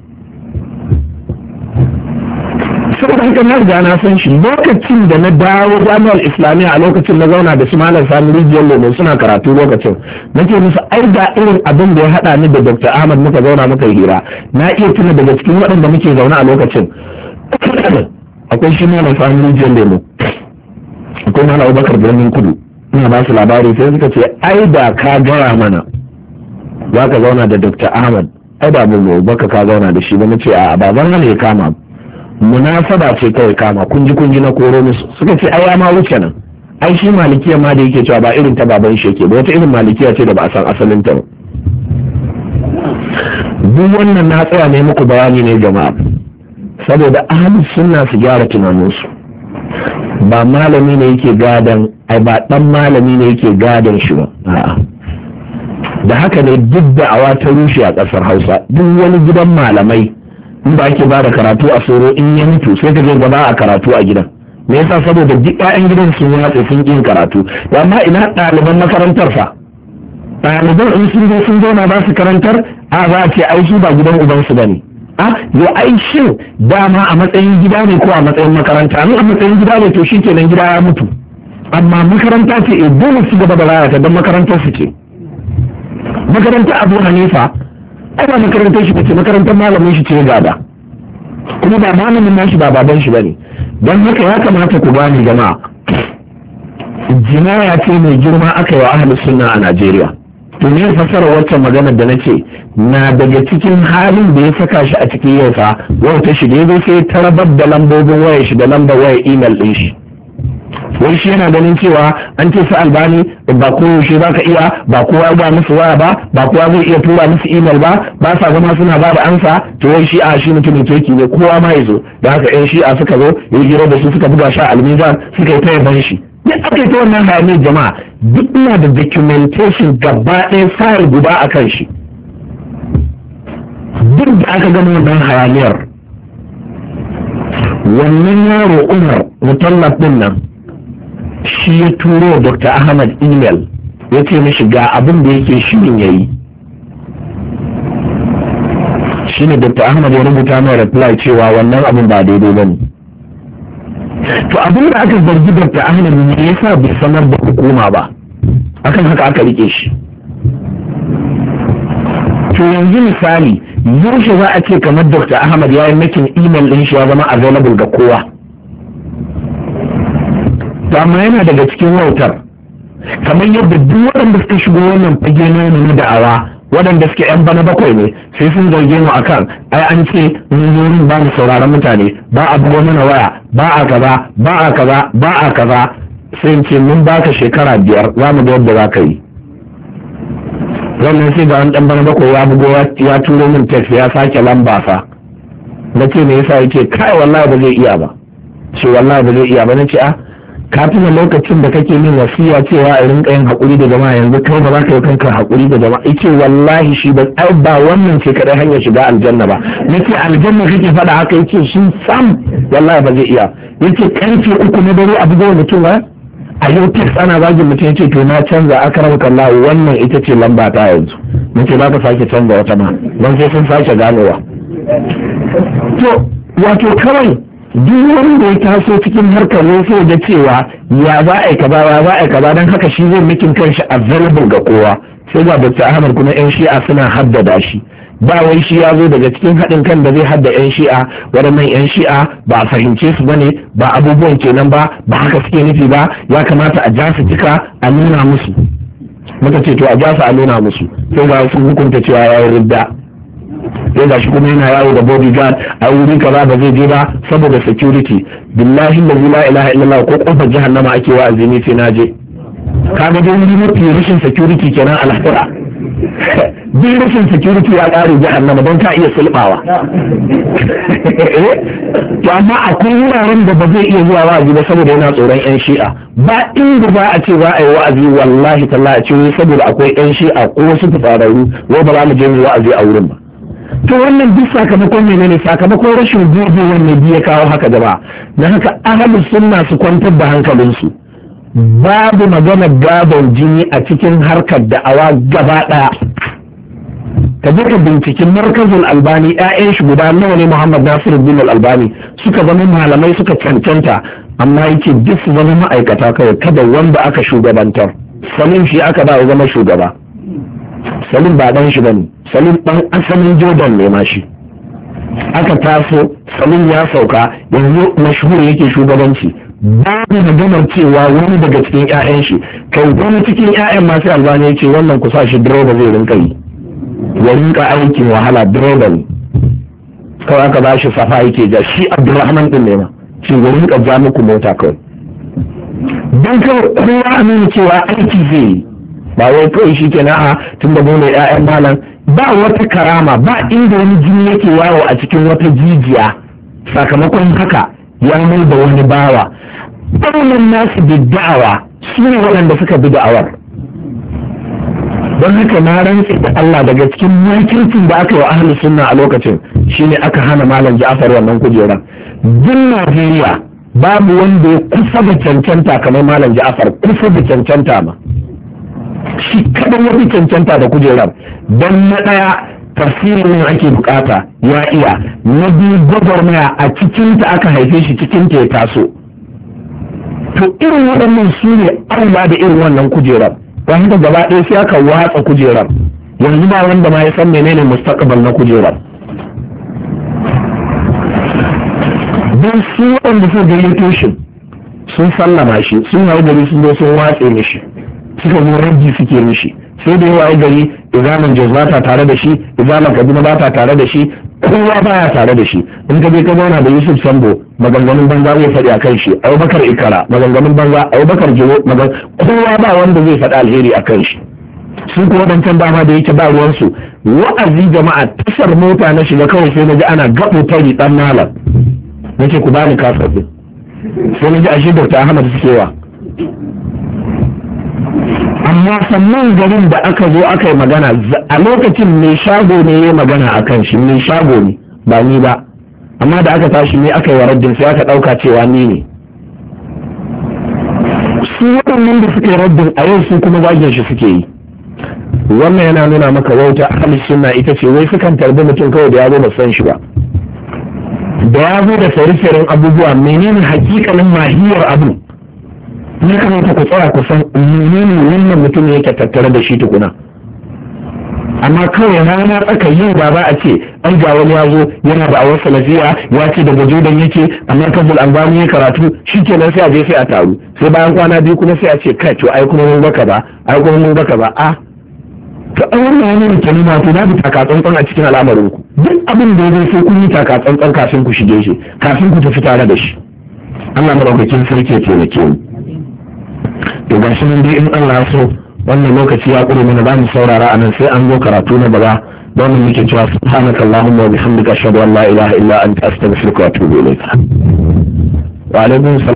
sauran haka na na san shi lokacin da na dawo jami'ar islamiyya a lokacin na zauna da su malam sami rijiyar lomo suna karatu lokacin na musu ai da irin abin da ya haɗa ni da dr ahmad muka zauna muka hira na iya tuna daga cikin waɗanda muke zaune a lokacin akwai shi malam sami rijiyar lomo akwai malam abubakar birnin kudu ina ba su labari sai suka ce ai da ka gara mana za ka zauna da dr ahmad ai da mu baka ka zauna da shi ba mu ce a ba zan hana ya kama munasaba ce kawai kama kunji kunji na koro musu suka ce ai ma wuce nan ai shi malikiya ma da yake cewa ba irin ta baban shi yake ba wata irin malikiya ce da ba a san asalin ta ba duk wannan na tsaya ne muku bayani ne jama'a saboda ahli sunna su gyara tunaninsu ba malami ne yake gadon ai ba dan malami ne yake gadon shi ba da haka ne duk da awa ta rushe a kasar hausa duk wani gidan malamai in ba ake ba da karatu a soro in ya mutu sai ka zai gaba a karatu a gidan me yasa saboda duk 'ya'yan gidan sun watsa sun yin karatu amma ina ɗaliban makarantar fa ɗaliban in sun zo sun zauna ba su karantar a za a ce ai su ba gidan ubansu ba ne a yo ai shin dama a matsayin gida ne ko a matsayin makaranta in a matsayin gida ne to shi kenan gida ya mutu amma makaranta ce e dole su gaba da rayata don makarantar su ce makaranta abu hanifa Kuma ba makarantar shi ce makarantar malamin shi ce gaba kuma ba malamin nashi ba baban shi bane don haka ya kamata ku bani jama'a jinaya ce mai girma aka yi wa ahlus sunna a Najeriya to ne fasara wancan magana da nace na daga cikin halin da ya saka shi a cikin yau fa wata shi ne zai sai ta rabar da lambobin wayar shi da lambar wayar email din shi wai shi yana ganin cewa an ce su albani ba koyaushe za ka iya ba kowa ba musu waya ba ba kowa zai iya tura musu imel ba ba sa zama suna ba da ansa to wai shi a shi mutumin turki ne kowa ma ya zo da haka yan a suka zo ya gira da su suka buga shi a almizan suka yi ta yaban shi ne aka yi ta wannan hayaniyar jama'a duk ina da documentation gaba ɗaya fayil guba a kan shi duk da aka gama wannan hayaniyar wannan yaro umar mutallaf din nan shi ya turo wa dr ahmad email ya ce mishi ga abin da yake shirin ya yi shi ne dr ahmad ya rubuta mai reply cewa wannan abin ba daidai ba ne to abin da aka zargi dr ahmad ne ya sa bai sanar da hukuma ba akan haka aka rike shi to yanzu misali yaushe za a ce kamar dr ahmad ya yi makin email din shi ya zama available ga kowa to amma yana daga cikin wautar kamar yadda duk waɗanda suka shigo wannan fage na da'awa waɗanda suka 'yan bana bakwai ne sai sun zarge mu akan ai an ce mun zo ba mu sauraron mutane ba a bugo mana waya ba a kaza ba a kaza ba a kaza sai in ce mun baka shekara biyar za mu ga yadda za ka yi wannan sai ga wani ɗan bana bakwai ya bugo ya turo min text ya sake lamba fa na ce me yasa yake kai wallahi ba zai iya ba ce wallahi ba zai iya ba na ce a ah, ka da lokacin da kake min wasiya cewa a rinka yin haƙuri da jama'a yanzu kai ba za ka yi kanka haƙuri da jama'a yace wallahi shi ba ba wannan ce kadai hanyar shiga aljanna ba nace aljanna kake faɗa haka yace shi sam wallahi ba zai iya yace karfe uku na dare abu da mutum ba a yau tek ana zagin mutum yace to na canza akaram kalla wannan ita ce lamba ta yanzu nace ba ka sake canza wata ma ban sai sun sake ganowa to wato kawai duk da ya taso cikin harkar rufo da cewa ya za a yi kaza ya za a yi ba don haka shi zai mikin kanshi available ga kowa sai ga dr ahmad kuma yan shi'a suna haddada shi ba wai shi ya zo daga cikin haɗin kan da zai hadda yan shi'a waɗannan yan shi'a ba a fahimce su bane ba abubuwan kenan ba ba haka suke nufi ba ya kamata a ja su jika a nuna musu muka ce to a ja su a nuna musu sai ga sun hukunta cewa ya yi ridda ya gashi kuma yana yawo da bodyguard a wuri kaza ba zai je ba saboda security billahi la ilaha illallah ko kofar jahannama ake wa azumi sai na je kaga dai wuri mafi rashin security kenan alhura duk rashin security ya kare jahannama don ka iya sulɓawa to amma akwai wuraren da ba zai iya zuwa wa'azi ba saboda yana tsoron yan shi'a ba inda ba a ce za a yi wa'azi wallahi talla a ce saboda akwai yan shi'a ko wasu fitsararru ko ba za mu je wa'azi a wurin ba to wannan duk sakamakon ne ne sakamakon rashin gobe wannan biya kawo haka gaba Na haka ahalin sunna su kwantar da hankalinsu babu magana gaban jini a cikin harkar da'awa gaba ɗaya ka je ka binciki markazin albani 'ya'yan shi guda nawa ne muhammad nasiru bin albani suka zama malamai suka cancanta amma yake duk su zama ma'aikata kawai kada wanda aka shugabantar sanin shi aka ba zama shugaba salim ba dan shi bane salim dan asalin jordan ne ma shi aka taso salim ya sauka yanzu mashhur yake shugabanci babu maganar cewa wani daga cikin 'ya'yan shi kai wani cikin 'ya'yan masu albani ya ce wannan kusa shi direba zai rinka yi ya rinka aikin wahala direba ne kawai aka ba shi safa yake ja shi abdurrahman din ne ma ce ya rinka ja muku mota kawai don kawai kowa amini cewa aiki zai yi ba wai kawai shi ke na'a tun da mu 'ya'yan malam ba wata karama ba inda wani jini yake yawo a cikin wata jijiya sakamakon haka ya mai da wani bawa ɗaunan nasu bidda'awa su ne waɗanda suka bi da'awar don haka na rantsi da Allah daga cikin mulkincin da aka yi wa ahli sunna a lokacin shine aka hana malam Ja'far wannan kujeran duk Najeriya babu wanda ya kusa da cancanta kamar malam Ja'far kusa da cancanta ma shi kaɗan wasu cancanta da kujerar don na ɗaya tafsirin ake bukata ya iya na biyu gwagwarmaya a cikinta aka haife shi cikinta ya taso to irin waɗannan su ne aula da irin wannan kujerar don gaba ɗaya sai aka watsa kujerar yanzu ba wanda ma ya san menene mustaqbal na kujerar don su waɗanda suka gayyato sun sallama shi sun hau gari sun zo sun watse mishi suka zo rabbi suke mishi sai da yawa gari izaman jos tare da shi izaman kaduna ba ta tare da shi kowa baya tare da shi in ka je ka zauna da yusuf sambo maganganun banza zai faɗi a kan shi abubakar ikara maganganun banza abubakar jiro kowa ba wanda zai faɗi alheri a kan shi sun kuma dancan dama da yake ba ruwansu wa'azi jama'a tasar mota na shiga kawai sai na ji ana gaɓo tari ɗan malam nake ku bani kasar sai na ji ashe dr ahmad sukewa amma sannan garin da aka zo aka yi magana a lokacin mai shago ne ya magana a kan shi mai shago ne ba ni ba amma da aka tashi ne aka yi wa sai aka ɗauka cewa ni ne su waɗannan da suke raddin a yau su kuma zagin shi suke yi wannan yana nuna maka wauta ahli sunna ita ce wai sukan tarbi mutum kawai da ya zo san shi ba da ya zo da sarifirin abubuwa menene hakikalin mahiyar abu ya kamata ku tsaya ku san menene wannan mutum yake tattare da shi tukuna amma kawai rana tsaka yau ba ba a ce an ga wani ya zo yana da awar salafiya ya ce daga dan yake amma kabul an ya karatu shi ke nan sai a je sai a taru sai bayan kwana biyu kuma sai a ce kai to ai kuma mun baka ba ai kuma mun baka ba a ah, to an na wani da kalma to na bi takatsantsan a cikin al'amarin ku duk abin da ya sai kun yi takatsantsan kafin ku shige shi kafin ku tafi tare da shi Allah madaukakin sarki ya taimake mu to gashi nan dai in Allah ya so wannan lokaci ya kure mana zamu saurara anan sai an zo karatu na gaba don mu muke cewa subhanaka allahumma wa bihamdika ashhadu an la ilaha illa anta astaghfiruka wa atubu ilayk wa alaikum